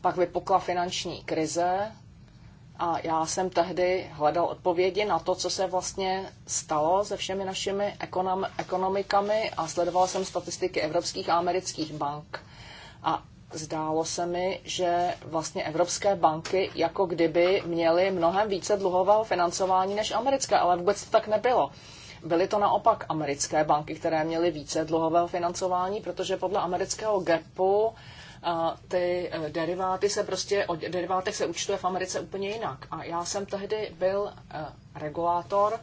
pak vypukla finanční krize a já jsem tehdy hledal odpovědi na to, co se vlastně stalo se všemi našimi ekonom, ekonomikami a sledoval jsem statistiky evropských a amerických bank. A zdálo se mi, že vlastně evropské banky jako kdyby měly mnohem více dluhového financování než americké, ale vůbec to tak nebylo. Byly to naopak americké banky, které měly více dluhového financování, protože podle amerického GAPu a ty eh, deriváty se prostě, o derivátech se účtuje v Americe úplně jinak. A já jsem tehdy byl eh, regulátor,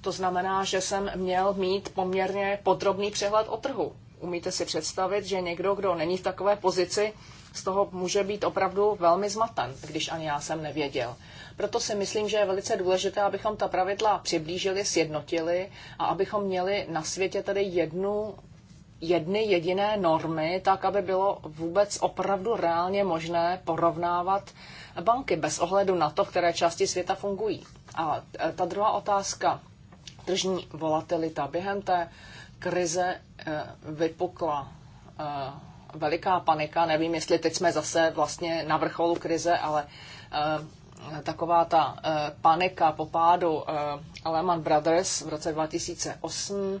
to znamená, že jsem měl mít poměrně podrobný přehled o trhu. Umíte si představit, že někdo, kdo není v takové pozici, z toho může být opravdu velmi zmaten, když ani já jsem nevěděl. Proto si myslím, že je velice důležité, abychom ta pravidla přiblížili, sjednotili a abychom měli na světě tady jednu jedny jediné normy, tak aby bylo vůbec opravdu reálně možné porovnávat banky bez ohledu na to, v které části světa fungují. A e, ta druhá otázka, tržní volatilita. Během té krize Eh, vypukla eh, veliká panika. Nevím, jestli teď jsme zase vlastně na vrcholu krize, ale eh, taková ta panika po pádu Lehman Brothers v roce 2008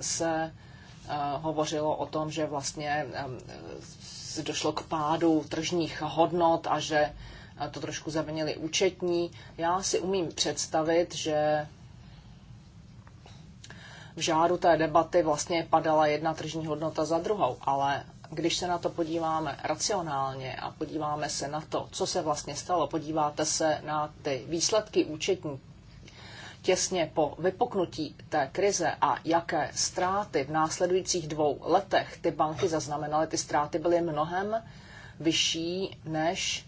se hovořilo o tom, že vlastně došlo k pádu tržních hodnot a že to trošku zavinili účetní. Já si umím představit, že v žáru té debaty vlastně padala jedna tržní hodnota za druhou, ale když se na to podíváme racionálně a podíváme se na to, co se vlastně stalo, podíváte se na ty výsledky účetní těsně po vypuknutí té krize a jaké ztráty v následujících dvou letech ty banky zaznamenaly, ty ztráty byly mnohem vyšší než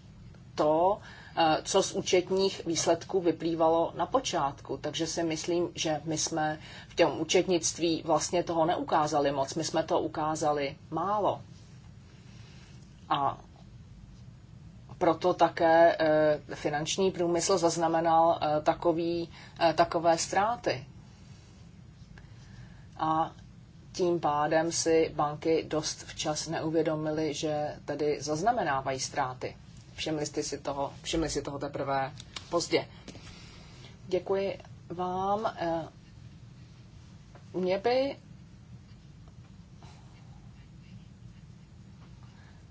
to, Eh, co z účetních výsledků vyplývalo na počátku. Takže si myslím, že my jsme v tom účetnictví vlastně toho neukázali moc. My jsme to ukázali málo. A proto také eh, finanční průmysl zaznamenal eh, takový, takové ztráty. A tím pádem si banky dost včas neuvědomily, že tedy zaznamenávají ztráty. Všimli jste si toho, všimli si toho teprve pozdě. Děkuji vám. Eh, mě by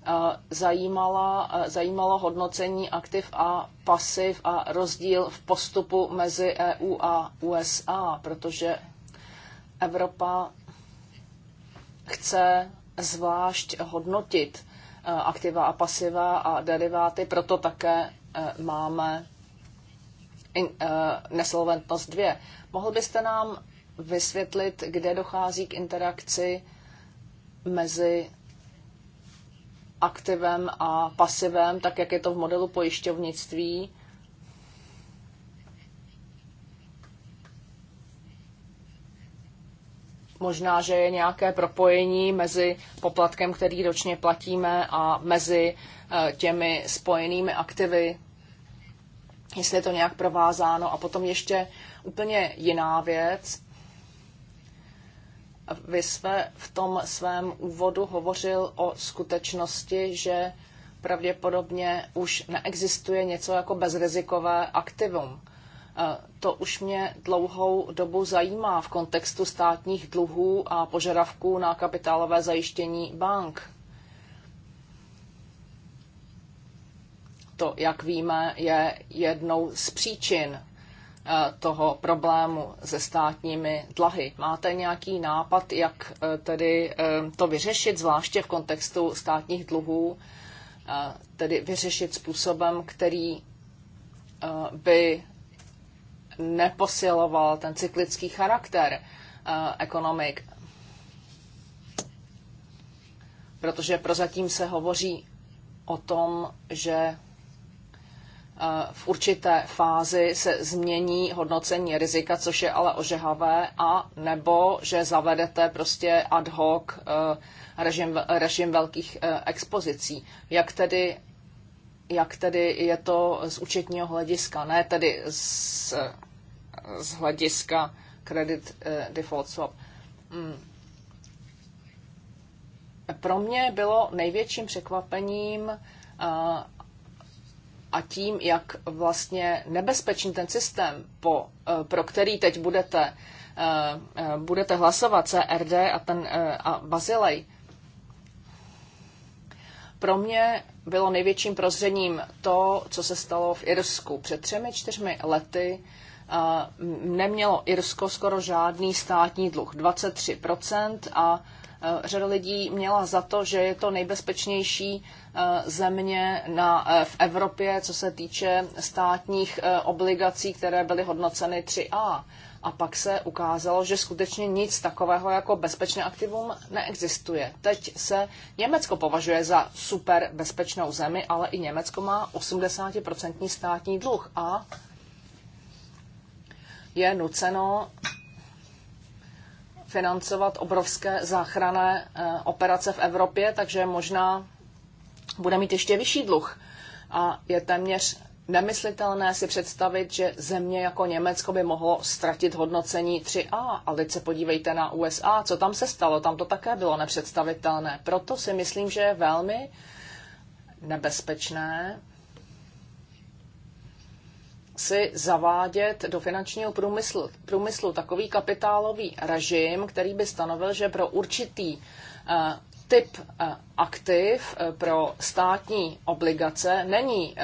eh, zajímala, eh, zajímalo hodnocení aktiv a pasiv a rozdíl v postupu mezi EU a USA, protože Evropa chce zvlášť hodnotit Eh, aktiva a pasiva a deriváty, proto také eh, máme in, uh, nesolventnost 2. Mohl byste nám vysvětlit, kde dochází k interakci mezi aktivem a pasivem, tak jak je to v modelu pojišťovnictví, Možná, že je nějaké propojení mezi poplatkem, který ročně platíme, a mezi e, těmi spojenými aktivy, jestli je to nějak provázáno. A potom ještě úplně jiná věc. Vy jste v tom svém úvodu hovořil o skutečnosti, že pravděpodobně už neexistuje něco jako bezrizikové aktivum. Eh, to už mě dlouhou dobu zajímá v kontextu státních dluhů a požadavků na kapitálové zajištění bank. To, jak víme, je jednou z příčin eh, toho problému se státními dlahy. Máte nějaký nápad, jak eh, tedy to vyřešit, zvláště v kontextu státních dluhů, tedy vyřešit způsobem, který by neposiloval ten cyklický charakter eh, ekonomik. Protože prozatím se hovoří o tom, že eh, v určité fázi se změní hodnocení rizika, což je ale ožehavé, a nebo že zavedete prostě ad hoc eh, režim, režim velkých expozicí. Jak tedy, jak tedy je to z účetního hlediska, ne tedy z z hlediska credit eh, default swap. Hmm. Pro mě bylo největším překvapením eh, a tím, jak vlastně nebezpečný ten systém, po, eh, pro který teď budete, budete hlasovat, CRD a, ten, a Bazilej, pro mě bylo největším prozřením to, co se stalo v Irsku. Před třemi, čtyřmi lety Eh, nemělo Irsko skoro žádný státní dluh, 23%, a eh, řada lidí měla za to, že je to nejbezpečnější eh, země na, v Evropě, co se týče státních obligací, které byly hodnoceny 3A. A pak se ukázalo, že skutečně nic takového jako bezpečné aktivum neexistuje. Teď se Německo považuje za super bezpečnou zemi, ale i Německo má 80% státní dluh a je nuceno financovat obrovské záchranné eh, operace v Evropě, takže možná bude mít ještě vyšší dluh. A je téměř nemyslitelné si představit, že země jako Německo by mohlo ztratit hodnocení 3A. A teď se podívejte na USA, co tam se stalo, tam to také bylo nepředstavitelné. Proto si myslím, že je velmi nebezpečné si zavádět do finančního průmyslu, průmyslu takový kapitálový režim, který by stanovil, že pro určitý eh, typ eh, aktiv, eh, pro státní obligace není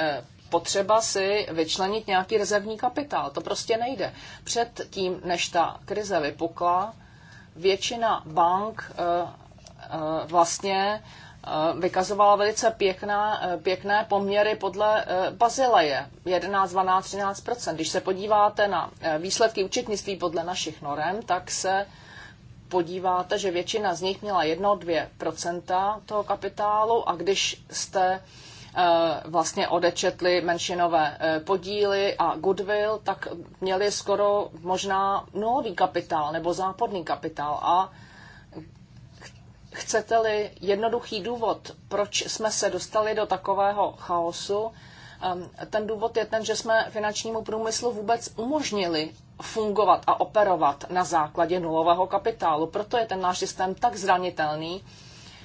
potřeba si vyčlenit nějaký rezervní kapitál. To prostě nejde. Před tím, než ta krize vypukla, většina bank vlastně Eh, vykazovala velice pěkná, eh, pěkné poměry podle eh, Bazileje 11, 12, 13 Když se podíváte na výsledky účetnictví podle našich norem, tak se podíváte, že většina z nich měla 1-2 toho kapitálu a když jste vlastně odečetli menšinové podíly a goodwill, tak měli skoro možná nulový kapitál nebo záporný kapitál a chcete-li jednoduchý důvod, proč jsme se dostali do takového chaosu, um, ten důvod je ten, že jsme finančnímu průmyslu vůbec umožnili fungovat a operovat na základě nulového kapitálu. Proto je ten náš systém tak zranitelný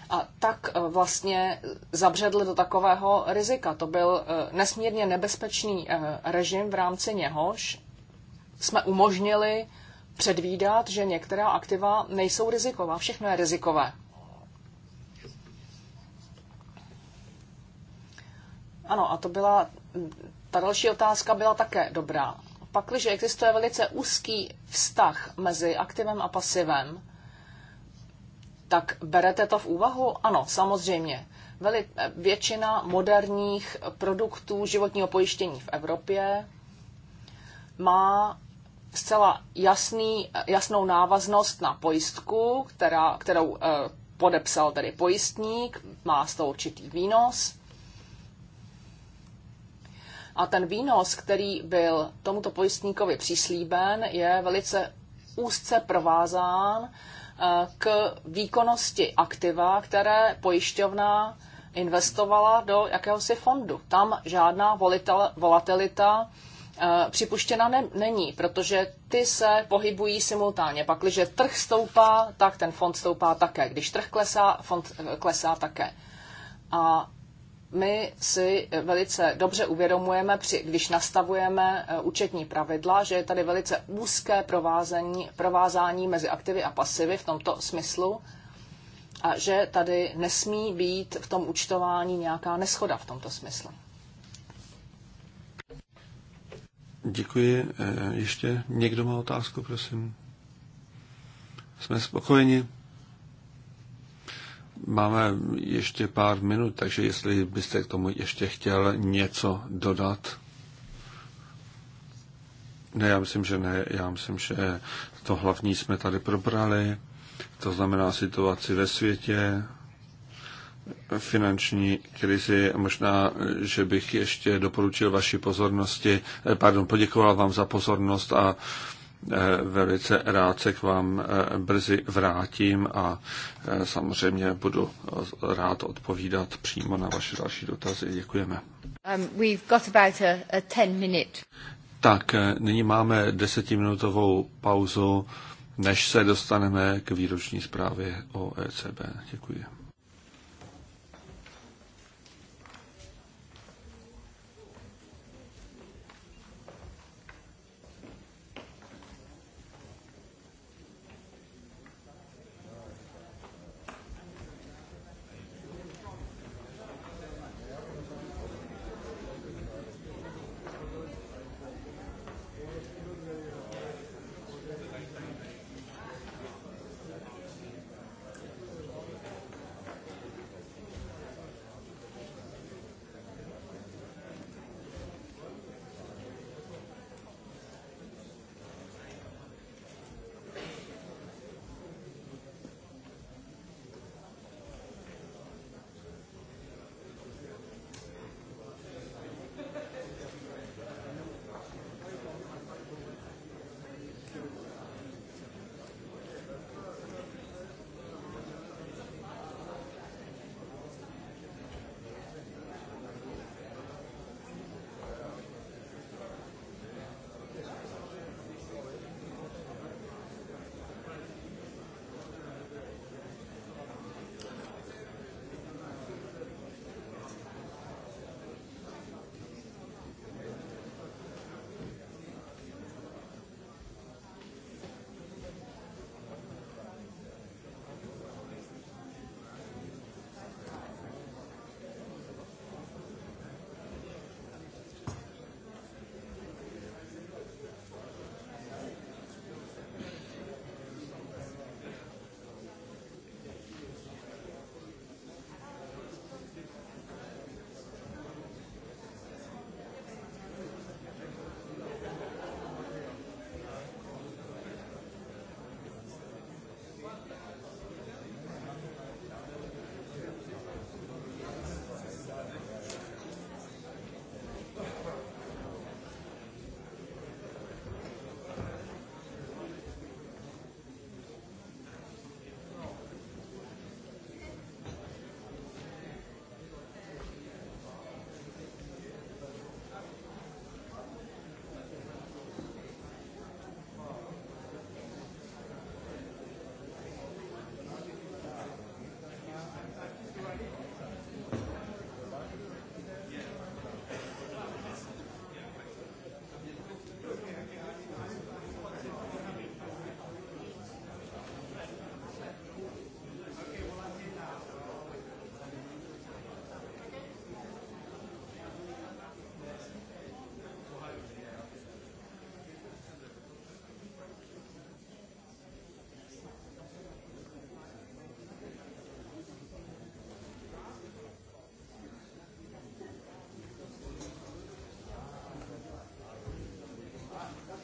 a tak uh, vlastně zabředl do takového rizika. To byl uh, nesmírně nebezpečný uh, režim, v rámci něhož jsme umožnili předvídat, že některá aktiva nejsou riziková. Všechno je rizikové. Ano, a to byla, ta další otázka byla také dobrá. Pakliže existuje velice úzký vztah mezi aktivem a pasivem, tak berete to v úvahu? Ano, samozřejmě. Veli, většina moderních produktů životního pojištění v Evropě má zcela jasný, jasnou návaznost na pojistku, která, kterou eh, podepsal tedy pojistník, má z toho určitý výnos a ten výnos, který byl tomuto pojistníkovi přislíben, je velice úzce provázán eh, k výkonnosti aktiva, které pojišťovna investovala do jakéhosi fondu. Tam žádná volatilita eh, připuštěna ne- není, protože ty se pohybují simultánně. Pak, když trh stoupá, tak ten fond stoupá také. Když trh klesá, fond eh, klesá také. A my si velice dobře uvědomujeme, při, když nastavujeme eh, účetní pravidla, že je tady velice úzké provázání mezi aktivy a pasivy v tomto smyslu a že tady nesmí být v tom účtování nějaká neschoda v tomto smyslu. Děkuji. Eh, ještě někdo má otázku, prosím? Jsme spokojeni? Máme ještě pár minut, takže jestli byste k tomu ještě chtěl něco dodat. Ne, já myslím, že ne. Já myslím, že to hlavní jsme tady probrali. To znamená situaci ve světě, finanční krizi. Možná, že bych ještě doporučil vaši pozornosti, pardon, poděkoval vám za pozornost a velice rád se k vám eh, brzy vrátím a eh, samozřejmě budu eh, rád odpovídat přímo na vaše další dotazy. Děkujeme. Um, we've got about a, a ten minute. Tak, nyní máme desetiminutovou pauzu, než se dostaneme k výroční zprávě o ECB. Děkuji.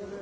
Thank you.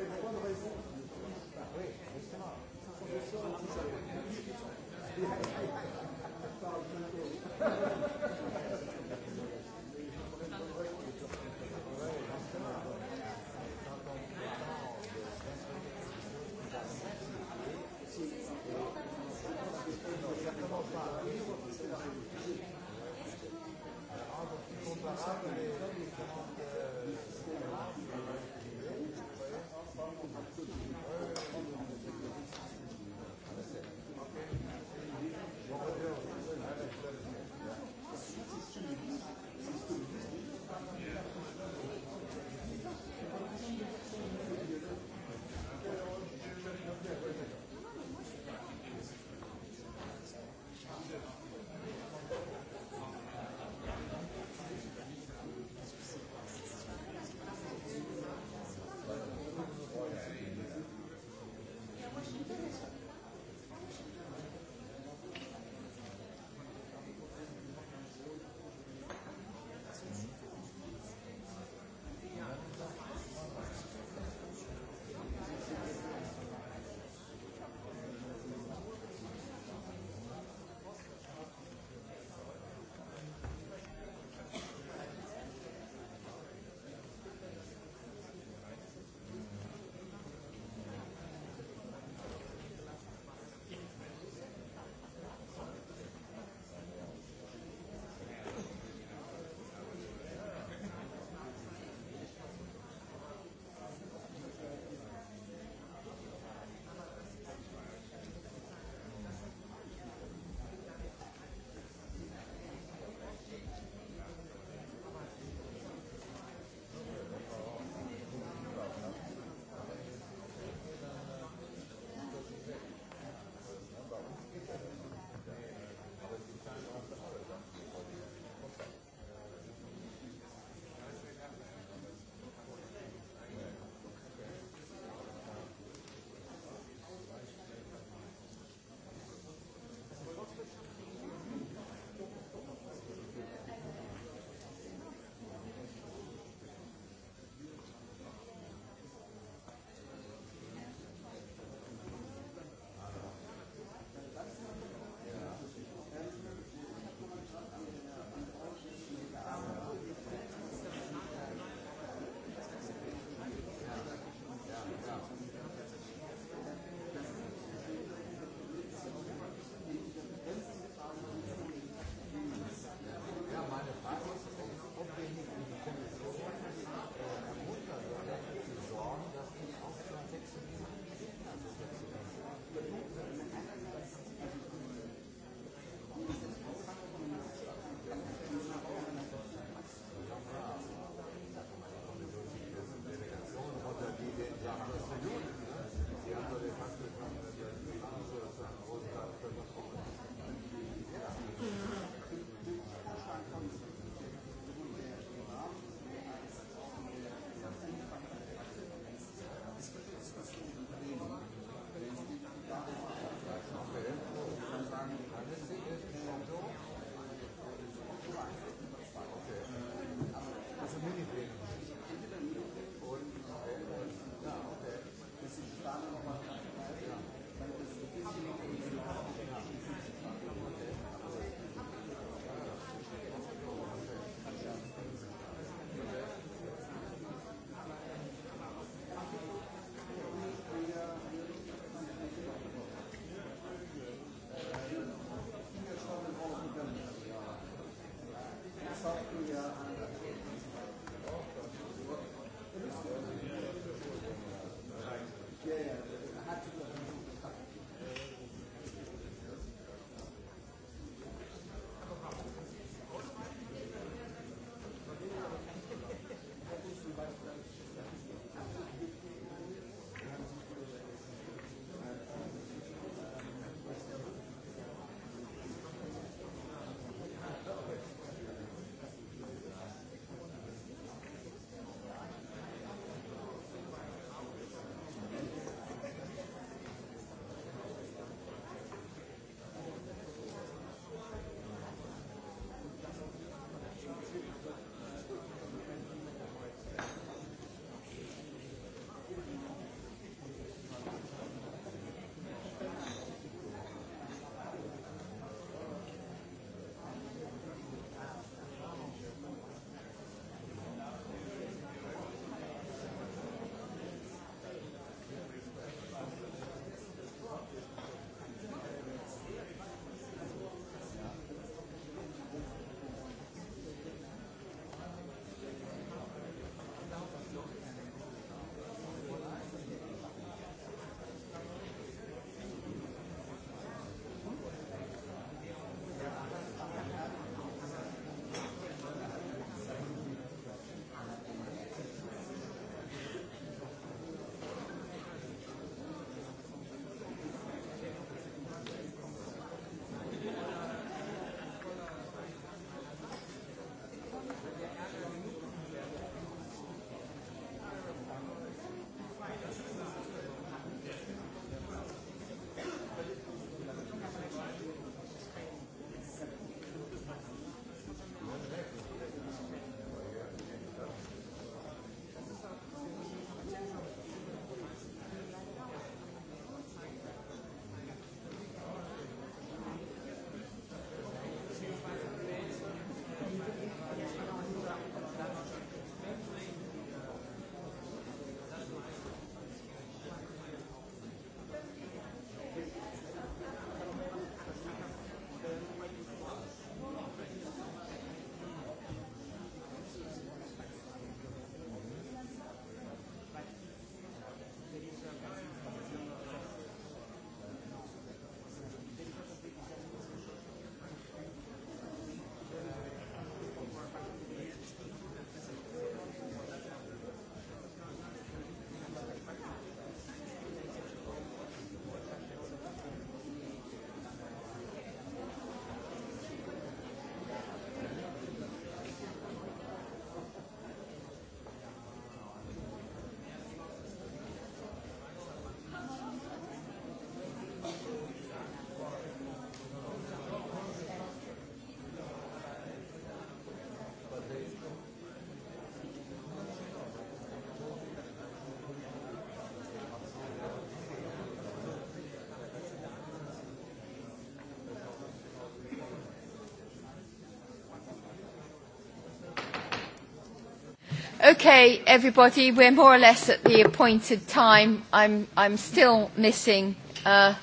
Okay, everybody, we're more or less at the appointed time. I'm, I'm still missing. Uh...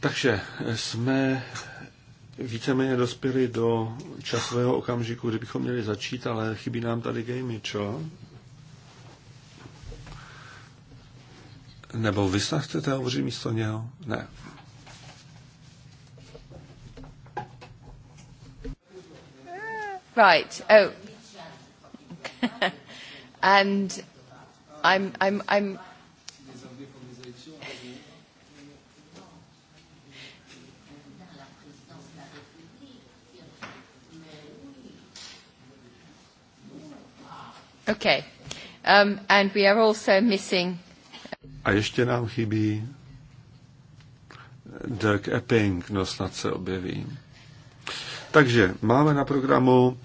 Takže eh, jsme víceméně dospěli do časového okamžiku, kdy bychom měli začít, ale chybí nám tady gamey, čo? Nebo vy snad chcete hovořit místo něho? Ne. Right. Oh, and I'm, I'm, I'm Okay. Um, and we are also missing... A ještě nám chybí Dirk Epping, no snad se objeví. Takže máme na programu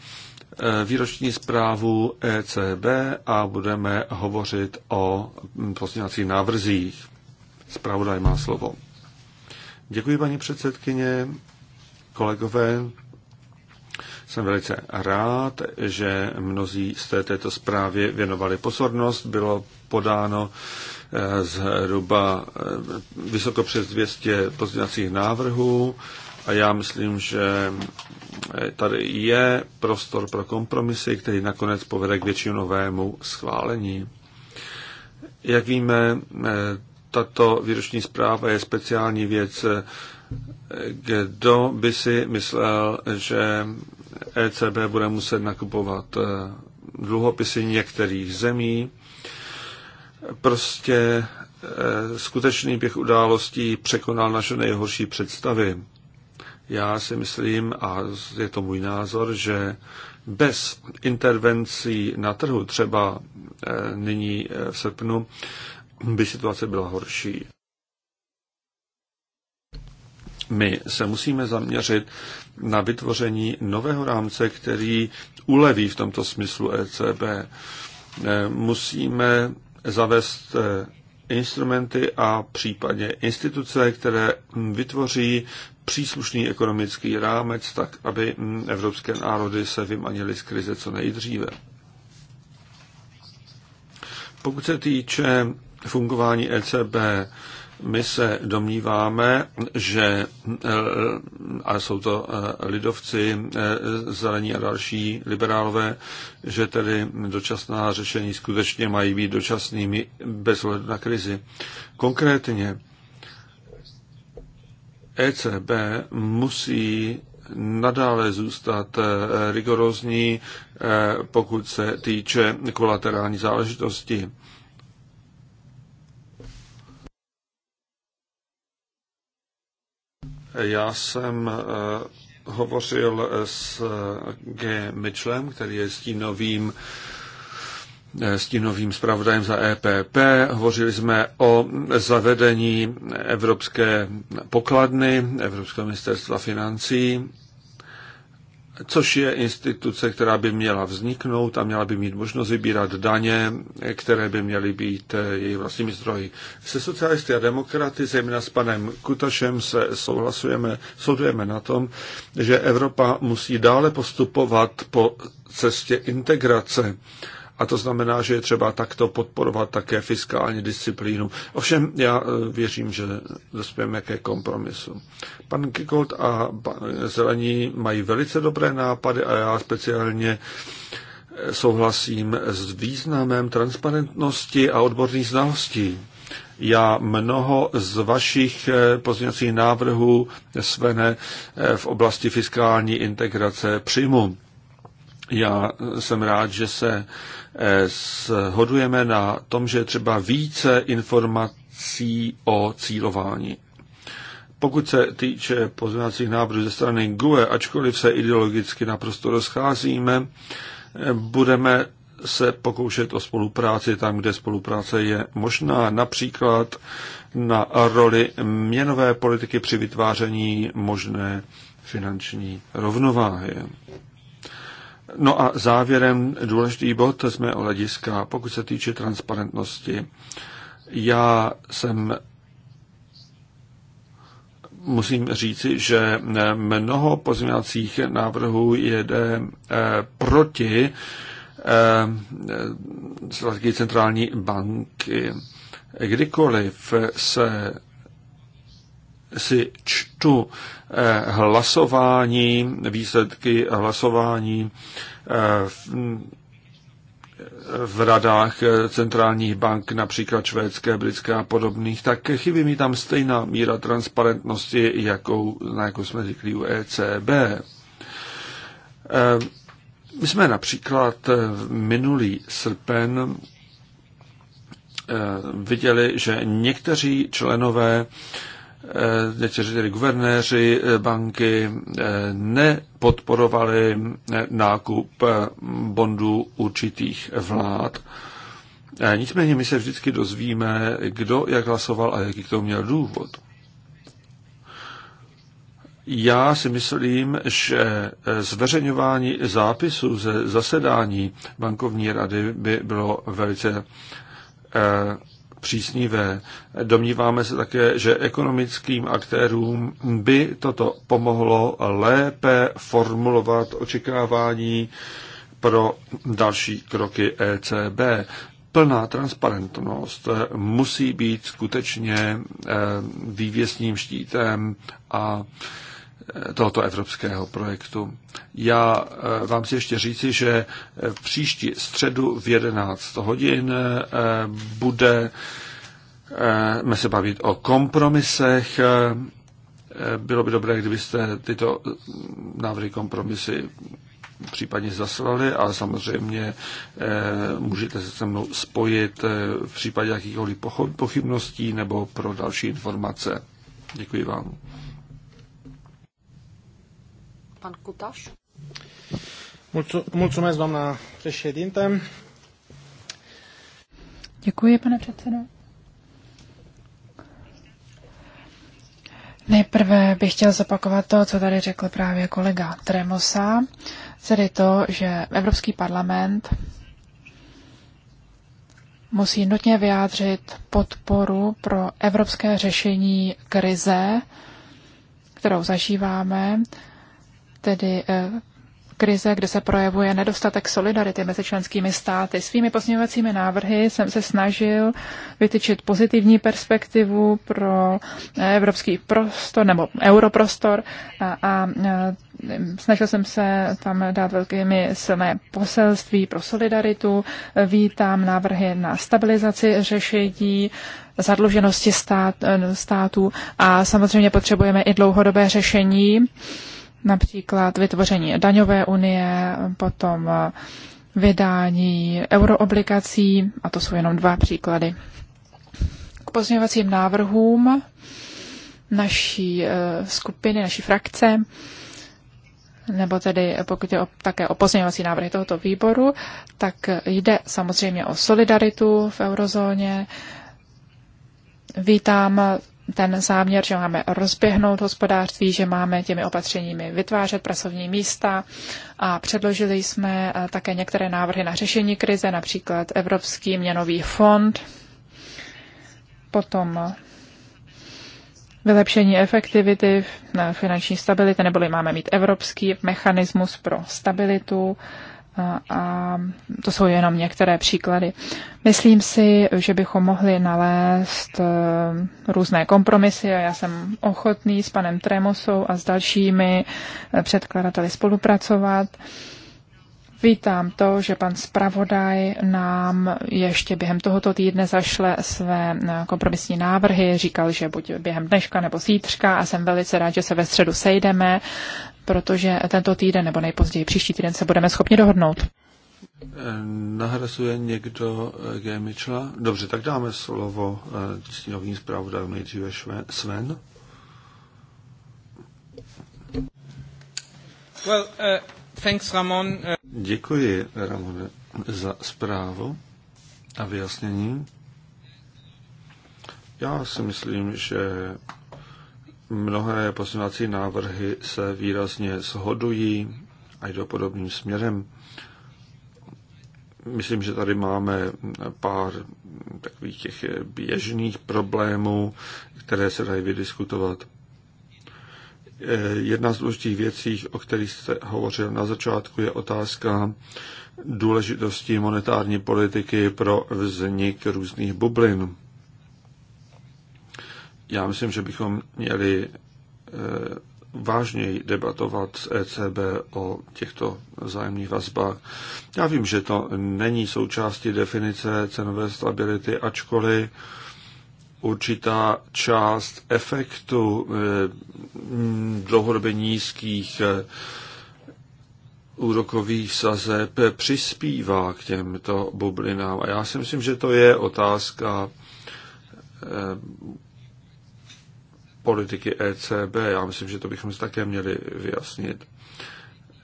Eh, výroční zprávu ECB a budeme hovořit o pozměňovacích návrzích. Zpravodaj má slovo. Děkuji, paní předsedkyně, kolegové. Jsem velice rád, že mnozí jste této zprávě věnovali pozornost. Bylo podáno eh, zhruba eh, vysoko přes 200 pozměňovacích návrhů a já myslím, že eh, tady je prostor pro kompromisy, který nakonec povede k většinovému schválení. Jak víme, eh, tato výroční zpráva je speciální věc. Eh, kdo by si myslel, že ECB bude muset nakupovat dluhopisy některých zemí? Prostě skutečný běh událostí překonal naše nejhorší představy. Já si myslím, a je to můj názor, že bez intervencí na trhu, třeba eh, nyní eh, v srpnu, by situace byla horší. My se musíme zaměřit na vytvoření nového rámce, který uleví v tomto smyslu ECB. Eh, musíme zavést instrumenty a případně instituce, které vytvoří příslušný ekonomický rámec, tak aby mm, evropské národy se vymanily z krize co nejdříve. Pokud se týče fungování ECB, my se domníváme, že, eh, a jsou to eh, lidovci, eh, zelení a další liberálové, že tedy dočasná řešení skutečně mají být dočasnými bez ohledu na krizi. Konkrétně ECB musí nadále zůstat eh, rigorózní, eh, pokud se týče kolaterální záležitosti. Já jsem eh, hovořil s G. Mitchellem, který je stínovým novým Eh, stínovým zpravodajem za EPP. Hovořili jsme o zavedení Evropské pokladny, Evropského ministerstva financí, což je instituce, která by měla vzniknout a měla by mít možnost vybírat daně, které by měly být eh, její vlastními zdroji. Se socialisty a demokraty, zejména s panem Kutašem, se souhlasujeme, soudujeme na tom, že Evropa musí dále postupovat po cestě integrace a to znamená, že je třeba takto podporovat také fiskální disciplínu. Ovšem já e, věřím, že dospějeme ke kompromisu. Pan Kikolt a pan Zelení mají velice dobré nápady a já speciálně e, souhlasím s významem transparentnosti a odborných znalostí. Já mnoho z vašich e, pozměňovacích návrhů, Svene, v oblasti fiskální integrace přijmu. Já jsem rád, že se eh, shodujeme na tom, že je třeba více informací o cílování. Pokud se týče pozměňovacích návrhů ze strany GUE, ačkoliv se ideologicky naprosto rozcházíme, eh, budeme se pokoušet o spolupráci tam, kde spolupráce je možná, například na roli měnové politiky při vytváření možné finanční rovnováhy. No a závěrem důležitý bod z mého hlediska, pokud se týče transparentnosti. Já jsem musím říci, že mnoho pozměňovacích návrhů jede eh, proti eh, strategii centrální banky. Kdykoliv se si čtu eh, hlasování, výsledky hlasování eh, eh, v radách centrálních bank, například švédské, britské a podobných, tak chybí mi tam stejná míra transparentnosti, jakou, na jakou jsme řekli u ECB. My jsme například minulý srpen viděli, že někteří členové Eh, někteří guvernéři eh, banky eh, nepodporovali nákup bondů určitých vlád. Nicméně my se vždycky dozvíme, kdo jak hlasoval a jaký k tomu měl důvod. Já si myslím, že zveřejňování zápisů ze zasedání bankovní rady by bylo velice příznivé. Domníváme se také, že ekonomickým aktérům by toto pomohlo lépe formulovat očekávání pro další kroky ECB. Plná transparentnost musí být skutečně eh, vývěsním štítem a tohoto evropského projektu. Já eh, vám si ještě říci, že eh, příští středu v 11 hodin eh, bude jsme se bavit o kompromisech. Bylo by dobré, kdybyste tyto návrhy kompromisy případně zaslali a samozřejmě můžete se se mnou spojit v případě jakýchkoliv pochybností nebo pro další informace. Děkuji vám. Pan Cutaș. Mulțumesc, doamna președinte. Děkuji, pane předsedo. Nejprve bych chtěl zopakovat to, co tady řekl právě kolega Tremosa, tedy to, že Evropský parlament musí nutně vyjádřit podporu pro evropské řešení krize, kterou zažíváme, tedy eh, krize, kde se projevuje nedostatek solidarity mezi členskými státy. Svými pozměňovacími návrhy jsem se snažil vytyčit pozitivní perspektivu pro eh, evropský prostor nebo europrostor a, a eh, snažil jsem se tam dát velkými silné poselství pro solidaritu. Vítám návrhy na stabilizaci řešení zadluženosti stát, států a samozřejmě potřebujeme i dlouhodobé řešení například vytvoření daňové unie, potom eh, vydání euroobligací, a to jsou jenom dva příklady. K pozměňovacím návrhům naší eh, skupiny, naší frakce, nebo tedy eh, pokud je o, také o pozměňovací návrhy tohoto výboru, tak jde samozřejmě o solidaritu v eurozóně. Vítám ten záměr, že máme rozběhnout hospodářství, že máme těmi opatřeními vytvářet pracovní místa a předložili jsme eh, také některé návrhy na řešení krize, například Evropský měnový fond, potom eh, vylepšení efektivity eh, finanční stability, neboli máme mít evropský mechanismus pro stabilitu a to jsou jenom některé příklady. Myslím si, že bychom mohli nalézt eh, různé kompromisy a já jsem ochotný s panem Tremosou a s dalšími eh, předkladateli spolupracovat. Vítám to, že pan zpravodaj nám ještě během tohoto týdne zašle své eh, kompromisní návrhy. Říkal, že buď během dneška nebo zítřka a jsem velice rád, že se ve středu sejdeme protože tento týden nebo nejpozději příští týden se budeme schopni dohodnout. Nahrazuje někdo eh, G. Mitchella? Dobře, tak dáme slovo eh, stínovým zpravodajům nejdříve Sven. Well, uh, thanks, Ramon. Děkuji, Ramone, za zprávu a vyjasnění. Já si myslím, že Mnohé pozměňovací návrhy se výrazně shodují a jdou podobným směrem. Myslím, že tady máme pár takových těch běžných problémů, které se dají vydiskutovat. Jedna z důležitých věcí, o kterých jste hovořil na začátku, je otázka důležitosti monetární politiky pro vznik různých bublin. Já myslím, že bychom měli eh, vážněji debatovat s ECB o těchto vzájemných vazbách. Já vím, že to není součástí definice cenové stability, ačkoliv určitá část efektu eh, dlouhodobě nízkých eh, úrokových sazeb přispívá k těmto bublinám. A já si myslím, že to je otázka politiky ECB. Já myslím, že to bychom si také měli vyjasnit.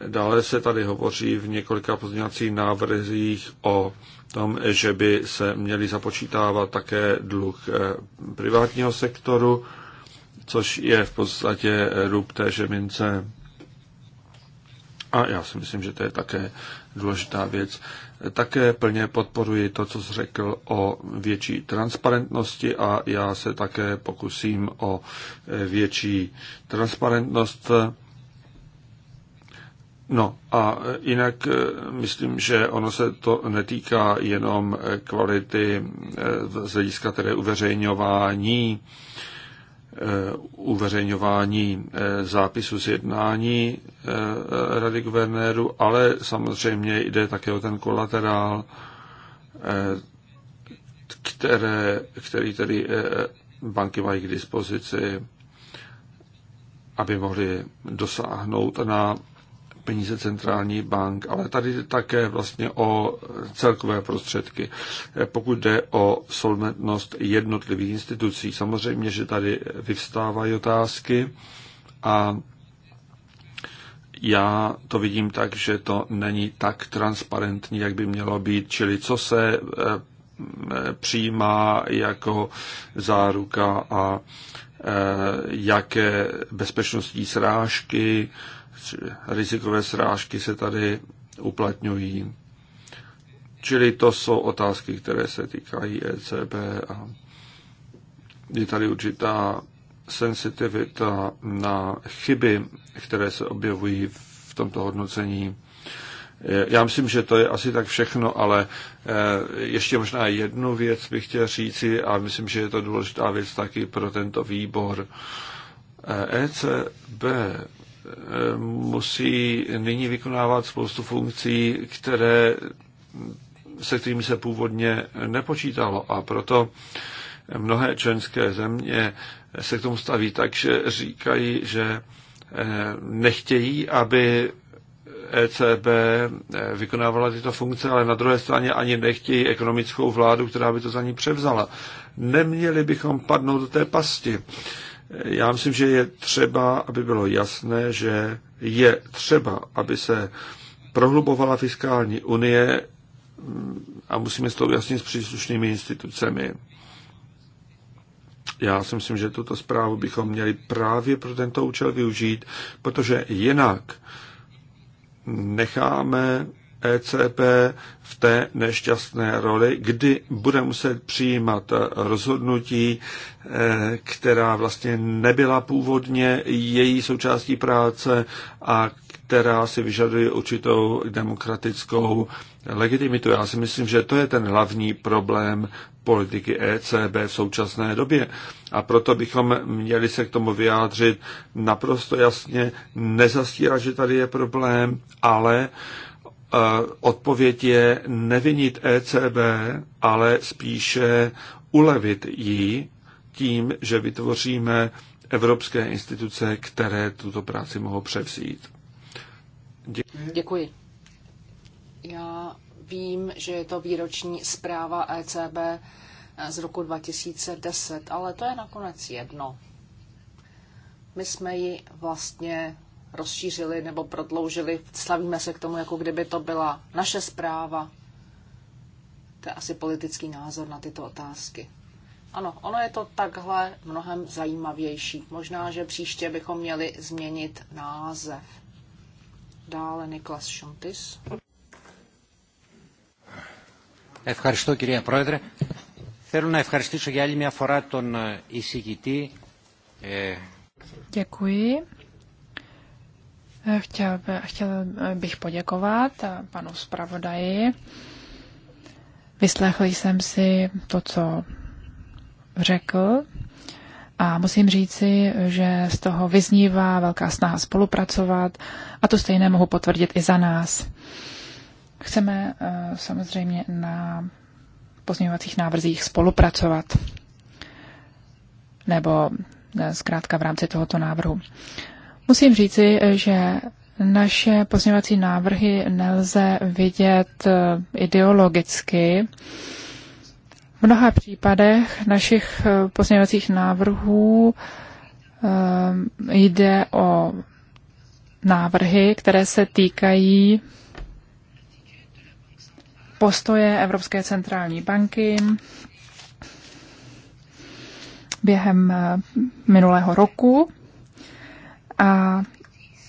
Dále se tady hovoří v několika pozměňovacích návrzích o tom, že by se měli započítávat také dluh eh, privátního sektoru, což je v podstatě růb téže mince. A já si myslím, že to je také důležitá věc. Také plně podporuji to, co jsi řekl o větší transparentnosti a já se také pokusím o eh, větší transparentnost. No a eh, jinak eh, myslím, že ono se to netýká jenom kvality z hlediska tedy uveřejňování Eh, uveřejňování eh, zápisu z jednání eh, Rady guvernéru, ale samozřejmě jde také o ten kolaterál, které, který tedy banky mají k dispozici, aby mohly dosáhnout na peníze centrální bank, ale tady jde také vlastně o celkové prostředky. Pokud jde o solventnost jednotlivých institucí, samozřejmě, že tady vyvstávají otázky a já to vidím tak, že to není tak transparentní, jak by mělo být, čili co se eh, přijímá jako záruka a eh, jaké bezpečnostní srážky, rizikové srážky se tady uplatňují. Čili to jsou otázky, které se týkají ECB a je tady určitá sensitivita na chyby, které se objevují v tomto hodnocení. Já myslím, že to je asi tak všechno, ale eh, ještě možná jednu věc bych chtěl říci a myslím, že je to důležitá věc taky pro tento výbor. ECB eh, e musí nyní vykonávat spoustu funkcí, které, se kterými se původně nepočítalo. A proto mnohé členské země se k tomu staví tak, že říkají, že eh, nechtějí, aby ECB eh, vykonávala tyto funkce, ale na druhé straně ani nechtějí ekonomickou vládu, která by to za ní převzala. Neměli bychom padnout do té pasti. Já myslím, že je třeba, aby bylo jasné, že je třeba, aby se prohlubovala fiskální unie mm, a musíme s to ujasnit s příslušnými institucemi. Já si myslím, že tuto zprávu bychom měli právě pro tento účel využít, protože jinak necháme ECB v té nešťastné roli, kdy bude muset přijímat rozhodnutí, e, která vlastně nebyla původně její součástí práce a která si vyžaduje určitou demokratickou legitimitu. Já si myslím, že to je ten hlavní problém politiky ECB v současné době. A proto bychom měli se k tomu vyjádřit naprosto jasně, nezastírat, že tady je problém, ale eh, odpověď je nevinit ECB, ale spíše ulevit jí tím, že vytvoříme evropské instituce, které tuto práci mohou převzít. Děkuji. Děkuji. Já vím, že je to výroční zpráva ECB z roku 2010, ale to je nakonec jedno. My jsme ji vlastně rozšířili nebo prodloužili. Slavíme se k tomu, jako kdyby to byla naše zpráva. To je asi politický názor na tyto otázky. Ano, ono je to takhle mnohem zajímavější. Možná, že příště bychom měli změnit název. Dále Niklas Šontis. Ευχαριστώ κυρία Πρόεδρε. Θέλω να ευχαριστήσω για άλλη μια φορά τον εισηγητή. Děkuji. Chtěl, by, chtěl bych poděkovat panu zpravodaji. Vyslechl jsem si to, co řekl a musím říci, že z toho vyznívá velká snaha spolupracovat a to stejné mohu potvrdit i za nás. Chceme eh, samozřejmě na pozměňovacích návrzích spolupracovat nebo eh, zkrátka v rámci tohoto návrhu. Musím říci, že naše pozměňovací návrhy nelze vidět eh, ideologicky. V mnoha případech našich eh, pozměňovacích návrhů eh, jde o návrhy, které se týkají postoje Evropské centrální banky během minulého roku a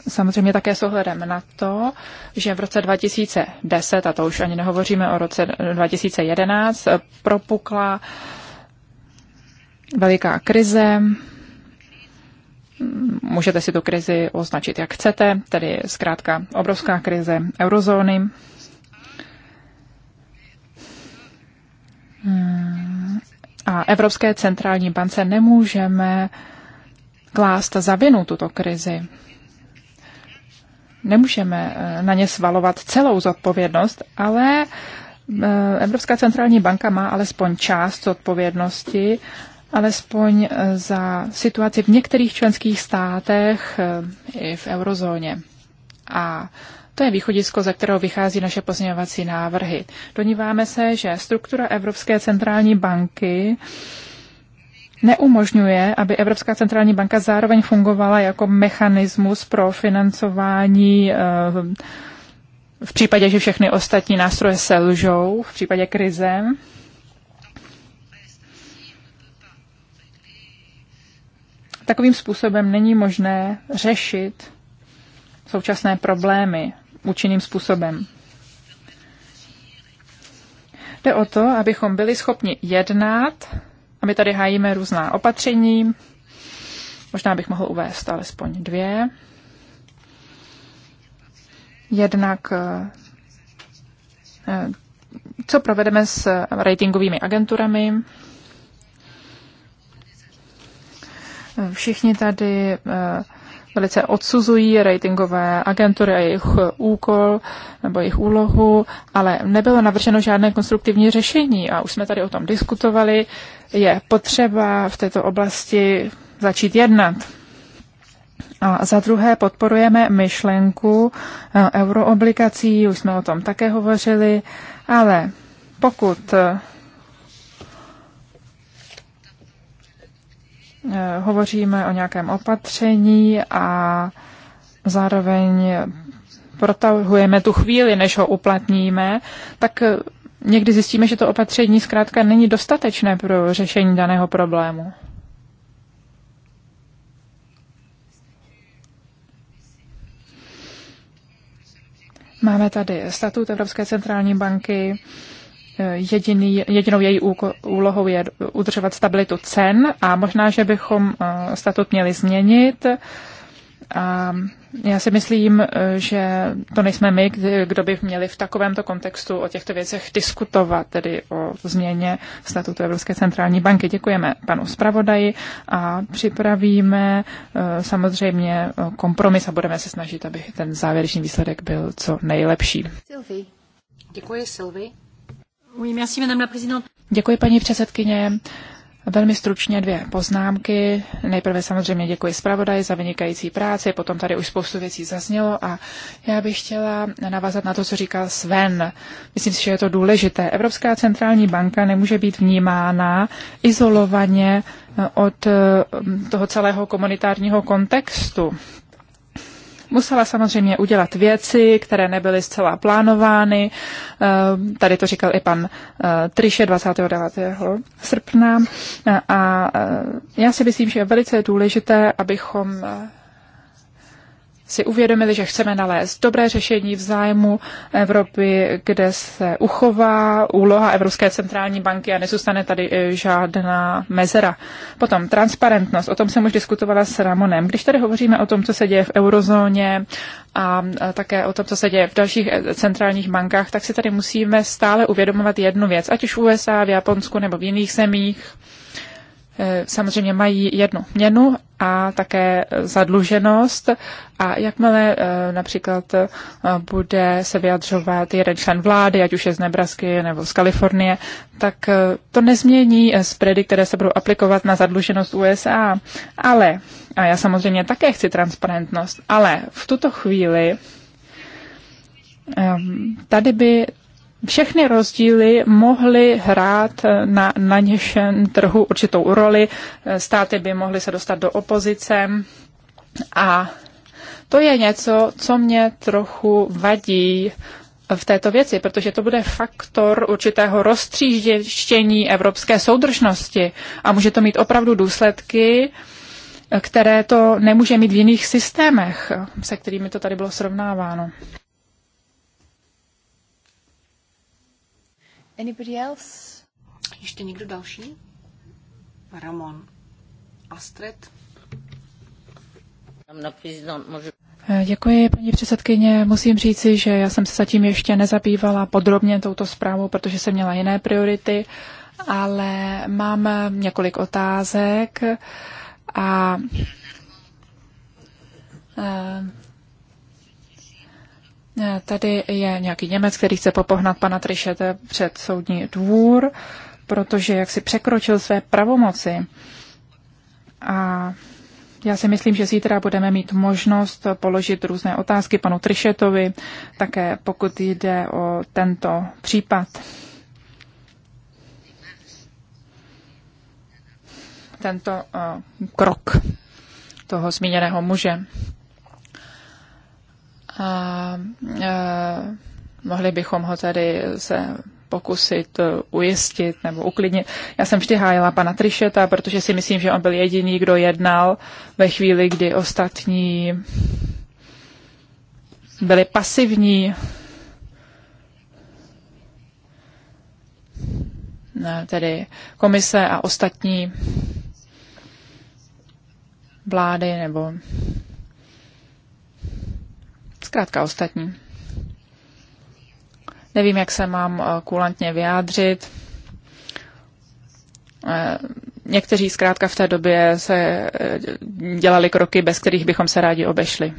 samozřejmě také s ohledem na to, že v roce 2010, a to už ani nehovoříme o roce 2011, propukla veliká krize. Můžete si tu krizi označit, jak chcete, tedy zkrátka obrovská krize eurozóny. Hmm. A Evropské centrální bance nemůžeme uh, klást za vinu tuto krizi. Nemůžeme eh, na ně svalovat celou zodpovědnost, ale eh, Evropská centrální banka má alespoň část zodpovědnosti, alespoň eh, za situaci v některých členských státech i v eurozóně. A to je východisko, ze kterého vychází naše pozměňovací návrhy. Doníváme se, že struktura Evropské centrální banky neumožňuje, aby Evropská centrální banka zároveň fungovala jako mechanismus pro financování eh, v případě, že všechny ostatní nástroje selžou, v případě krize. Takovým způsobem není možné řešit současné problémy účinným způsobem. Jde o to, abychom byli schopni jednat my tady hájíme různá opatření. Možná bych mohl uvést alespoň dvě. Jednak eh, co provedeme s ratingovými agenturami. Všichni tady eh, velice odsuzují ratingové agentury a jejich eh, úkol nebo jejich úlohu, ale nebylo navrženo žádné konstruktivní řešení a už jsme tady o tom diskutovali. Je potřeba v této oblasti začít jednat. A za druhé podporujeme myšlenku eh, euroobligací, už jsme o tom také hovořili, ale pokud eh, Eh, hovoříme o nějakém opatření a zároveň protahujeme tu chvíli, než ho uplatníme, tak eh, někdy zjistíme, že to opatření zkrátka není dostatečné pro řešení daného problému. Máme tady statut Evropské centrální banky, jediný, jedinou její úlohou je udržovat stabilitu cen a možná, že bychom eh, statut měli změnit. A já si myslím, eh, že to nejsme my, kdo by měli v takovémto kontextu o těchto věcech diskutovat, tedy o změně statutu Evropské centrální banky. Děkujeme panu zpravodaji a připravíme eh, samozřejmě kompromis a budeme se snažit, aby ten závěrečný výsledek byl co nejlepší. Sylvie. Děkuji, Sylvie. Děkuji, paní předsedkyně. Velmi stručně dvě poznámky. Nejprve samozřejmě děkuji zpravodaji za vynikající práci, potom tady už spoustu věcí zaznělo a já bych chtěla navázat na to, co říkal Sven. Myslím si, že je to důležité. Evropská centrální banka nemůže být vnímána izolovaně od eh, toho celého komunitárního kontextu. Musela samozřejmě udělat věci, které nebyly zcela plánovány. Eh, tady to říkal i pan eh, Triše 29. srpna. Eh, a já si myslím, že je velice důležité, abychom si uvědomili, že chceme nalézt dobré řešení v zájmu Evropy, kde se uchová úloha Evropské centrální banky a nezůstane tady e, žádná mezera. Potom transparentnost, o tom jsem už diskutovala s Ramonem. Když tady hovoříme o tom, co se děje v eurozóně a také o tom, co se děje v dalších e, centrálních bankách, tak si tady musíme stále uvědomovat jednu věc, ať už v USA, v Japonsku nebo v jiných zemích Eh, samozřejmě mají jednu měnu a také zadluženost. A jakmile eh, například eh, bude se vyjadřovat jeden člen vlády, ať už je z Nebrasky nebo z Kalifornie, tak to nezmění spredy, které se budou aplikovat na zadluženost USA. Ale, a já samozřejmě také chci transparentnost, ale v tuto chvíli ehm, Tady by všechny rozdíly mohly hrát na, na něšem trhu určitou roli. Státy by mohly se dostat do opozice a to je něco, co mě trochu vadí v této věci, protože to bude faktor určitého rozstříždění evropské soudržnosti a může to mít opravdu důsledky, které to nemůže mít v jiných systémech, se kterými to tady bylo srovnáváno. Anybody else? Ještě někdo další? Ramon. Astrid. Eh, děkuji, paní předsedkyně. Musím říci, že já jsem se zatím ještě nezabývala podrobně touto zprávou, protože jsem měla jiné priority, ale mám několik otázek a eh, Tady je nějaký Němec, který chce popohnat pana Trišete před soudní dvůr, protože jak si překročil své pravomoci. A já si myslím, že zítra budeme mít možnost položit různé otázky panu Trišetovi, také pokud jde o tento případ. Tento uh, krok toho zmíněného muže a e, mohli bychom ho tady se pokusit e, ujistit nebo uklidnit. Já jsem vždy hájila pana Trišeta, protože si myslím, že on byl jediný, kdo jednal ve chvíli, kdy ostatní byli pasivní. No, tedy komise a ostatní vlády nebo zkrátka ostatní. Nevím, jak se mám eh, kulantně vyjádřit. Eh, někteří zkrátka v té době se eh, dělali kroky, bez kterých bychom se rádi obešli.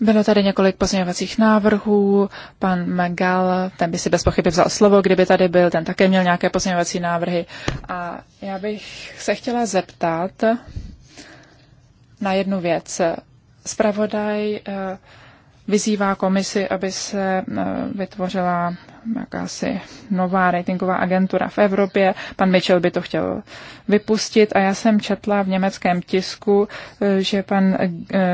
Bylo tady několik pozměňovacích návrhů. Pan Megal, ten by si bez pochyby vzal slovo, kdyby tady byl, ten také měl nějaké pozměňovací návrhy. A já bych se chtěla zeptat, na jednu věc. Spravodaj eh, vyzývá komisi, aby se eh, vytvořila jakási nová ratingová agentura v Evropě. Pan Mitchell by to chtěl vypustit a já jsem četla v německém tisku, eh, že pan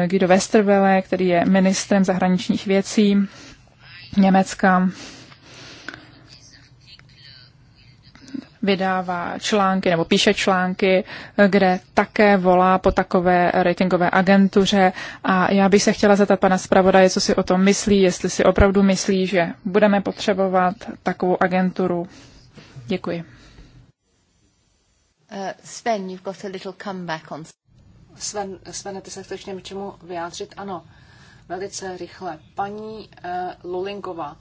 Guido Westerwelle, který je ministrem zahraničních věcí Německa, vydává články nebo píše články, kde také volá po takové ratingové agentuře. A já bych se chtěla zeptat pana zpravodaje, co si o tom myslí, jestli si opravdu myslí, že budeme potřebovat takovou agenturu. Děkuji. Uh, Sven, you've got a little comeback on... Sven, Sven, ty se chceš něčemu vyjádřit? Ano, velice rychle. Paní uh, Lulinková,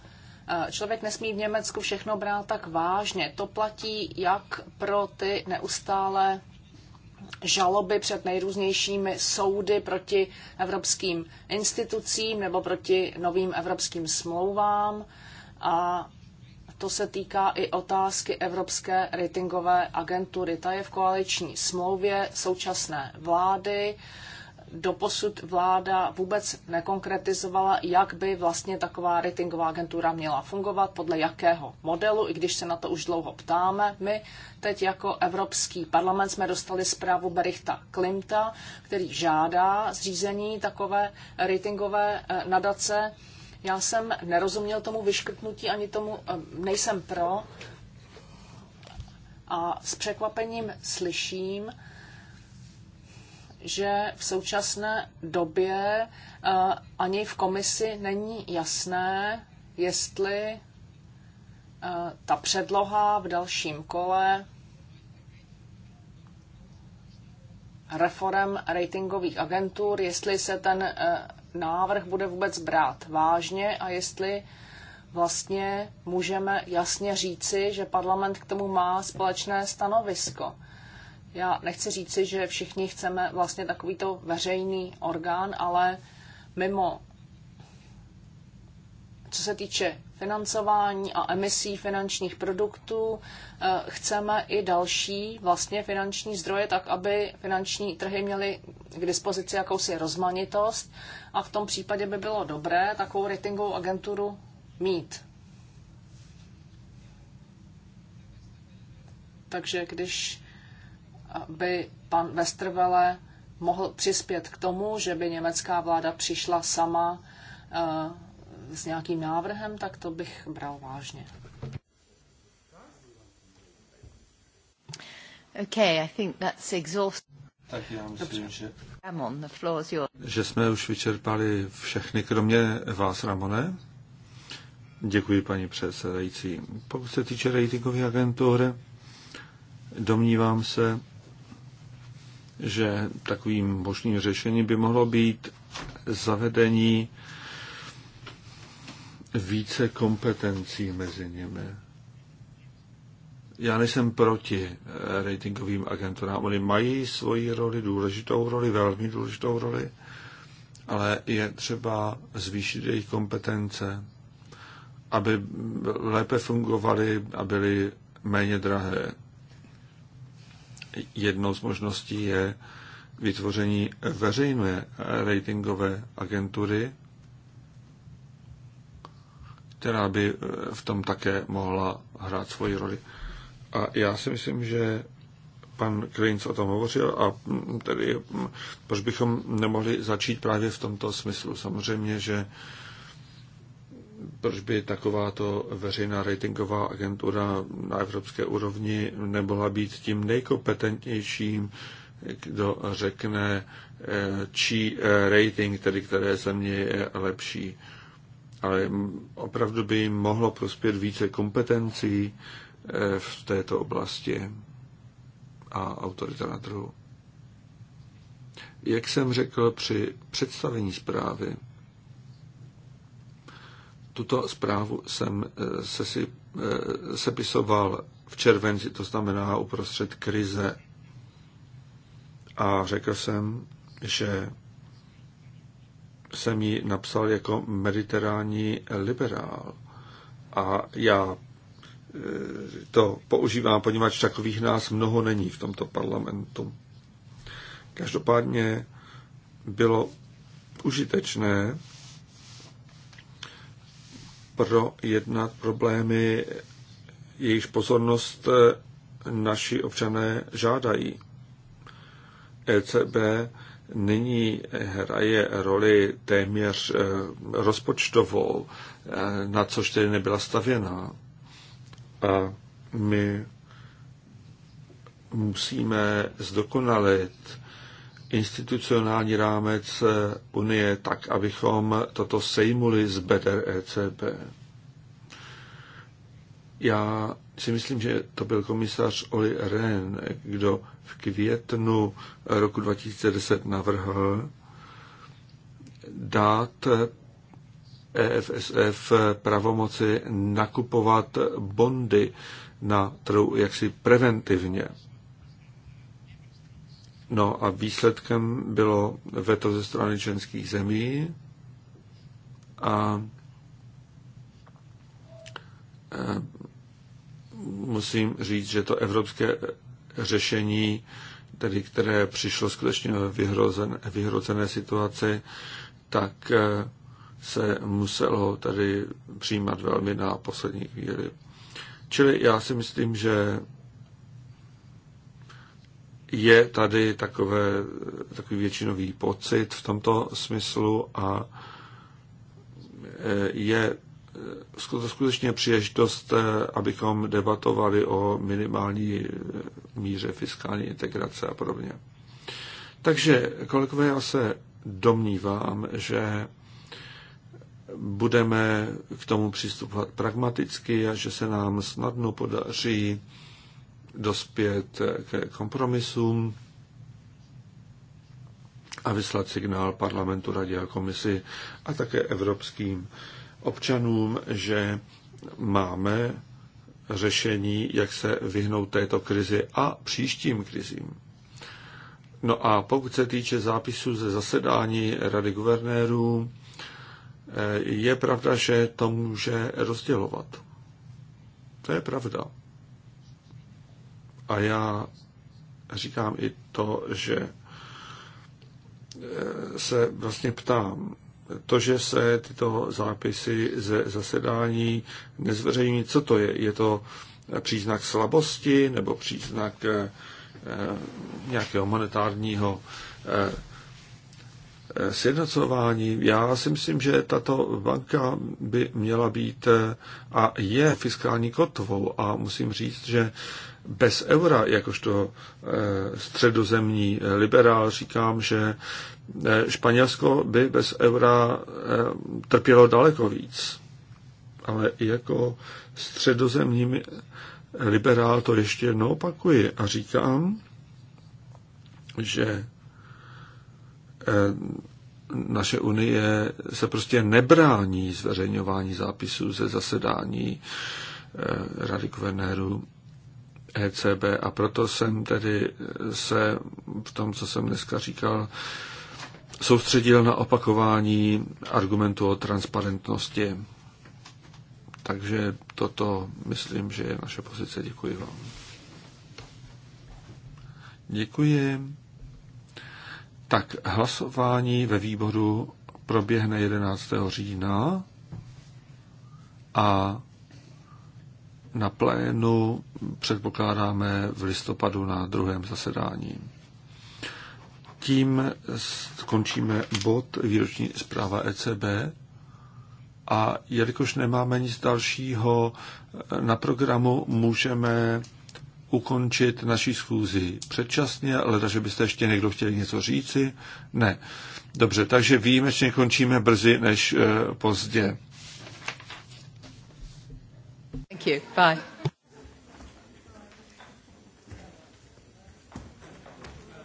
Eh, člověk nesmí v Německu všechno brát tak vážně. To platí jak pro ty neustále žaloby před nejrůznějšími soudy proti evropským institucím nebo proti novým evropským smlouvám. A to se týká i otázky Evropské ratingové agentury. Ta je v koaliční smlouvě současné vlády doposud vláda vůbec nekonkretizovala, jak by vlastně taková ratingová agentura měla fungovat, podle jakého modelu, i když se na to už dlouho ptáme. My teď jako Evropský parlament jsme dostali zprávu Berichta Klimta, který žádá zřízení takové ratingové eh, nadace. Já jsem nerozuměl tomu vyškrtnutí, ani tomu eh, nejsem pro. A s překvapením slyším, že v současné době eh, ani v komisi není jasné, jestli eh, ta předloha v dalším kole reform ratingových agentur, jestli se ten eh, návrh bude vůbec brát vážně a jestli vlastně můžeme jasně říci, že parlament k tomu má společné stanovisko. Já nechci říci, že všichni chceme vlastně takovýto veřejný orgán, ale mimo, co se týče financování a emisí finančních produktů, eh, chceme i další vlastně finanční zdroje, tak aby finanční trhy měly k dispozici jakousi rozmanitost a v tom případě by bylo dobré takovou ratingovou agenturu mít. Takže když by pan Westerwelle mohl přispět k tomu, že by německá vláda přišla sama eh, s nějakým návrhem, tak to bych bral vážně. Okay, I think that's exhausting. Tak já myslím, že... Ramon, the floor is Že jsme už vyčerpali všechny, kromě vás, Ramone. Děkuji, paní předsedající. Pokud se týče ratingových agentur, domnívám se, že takovým možným řešením by mohlo být zavedení více kompetencí mezi nimi. Já nejsem proti ratingovým agenturám. Oni mají svoji roli, důležitou roli, velmi důležitou roli, ale je třeba zvýšit jejich kompetence, aby lépe fungovaly a byly méně drahé jednou z možností je vytvoření veřejné ratingové agentury, která by eh, v tom také mohla hrát svoji roli. A já si myslím, že pan Klinc o tom hovořil a mm, tedy mm, proč bychom nemohli začít právě v tomto smyslu. Samozřejmě, že proč by takováto veřejná ratingová agentura na evropské úrovni nemohla být tím nejkompetentnějším, kdo řekne, eh, čí eh, rating, tedy které země je lepší. Ale opravdu by jim mohlo prospět více kompetencí eh, v této oblasti a autorita na trhu. Jak jsem řekl při představení zprávy, tuto zprávu jsem eh, se si eh, sepisoval v červenci, to znamená uprostřed krize. A řekl jsem, že jsem ji napsal jako mediterální liberál. A já eh, to používám, poněvadž takových nás mnoho není v tomto parlamentu. Každopádně bylo užitečné projednat problémy, jejichž pozornost eh, naši občané žádají. ECB nyní hraje roli téměř eh, rozpočtovou, eh, na což tedy nebyla stavěná. A my musíme zdokonalit institucionální rámec Unie tak, abychom toto sejmuli z beder ECB. Já si myslím, že to byl komisař Oli Rehn, kdo v květnu roku 2010 navrhl dát EFSF pravomoci nakupovat bondy na trhu jaksi preventivně. No a výsledkem bylo veto ze strany členských zemí a e, musím říct, že to evropské řešení, tedy které přišlo skutečně ve vyhrozené, vyhrozené situaci, tak e, se muselo tady přijímat velmi na poslední chvíli. Čili já si myslím, že je tady takové, takový většinový pocit v tomto smyslu a e, je e, skutečně příležitost, e, abychom debatovali o minimální míře fiskální integrace a podobně. Takže, kolegové, já se domnívám, že budeme k tomu přistupovat pragmaticky a že se nám snadno podaří dospět k kompromisům a vyslat signál parlamentu, radě a komisi a také evropským občanům, že máme řešení, jak se vyhnout této krizi a příštím krizím. No a pokud se týče zápisu ze zasedání Rady guvernérů, eh, je pravda, že to může rozdělovat. To je pravda. A já říkám i to, že e, se vlastně ptám, to, že se tyto zápisy ze zasedání nezveřejní, co to je? Je to příznak slabosti nebo příznak e, e, nějakého monetárního sjednocování. Já si myslím, že tato banka by měla být a je fiskální kotvou a musím říct, že bez eura, jakožto eh, středozemní liberál, říkám, že eh, Španělsko by bez eura eh, trpělo daleko víc. Ale jako středozemní liberál to ještě jednou opakuji a říkám, že naše unie se prostě nebrání zveřejňování zápisů ze zasedání rady guvernérů ECB a proto jsem tedy se v tom, co jsem dneska říkal, soustředil na opakování argumentu o transparentnosti. Takže toto myslím, že je naše pozice. Děkuji vám. Děkuji. Tak hlasování ve výboru proběhne 11. října a na plénu předpokládáme v listopadu na druhém zasedání. Tím skončíme bod výroční zpráva ECB a jelikož nemáme nic dalšího na programu, můžeme ukončit naší schůzi předčasně, ale takže byste ještě někdo chtěli něco říci? Ne. Dobře, takže výjimečně končíme brzy než eh, pozdě. Thank you. Bye.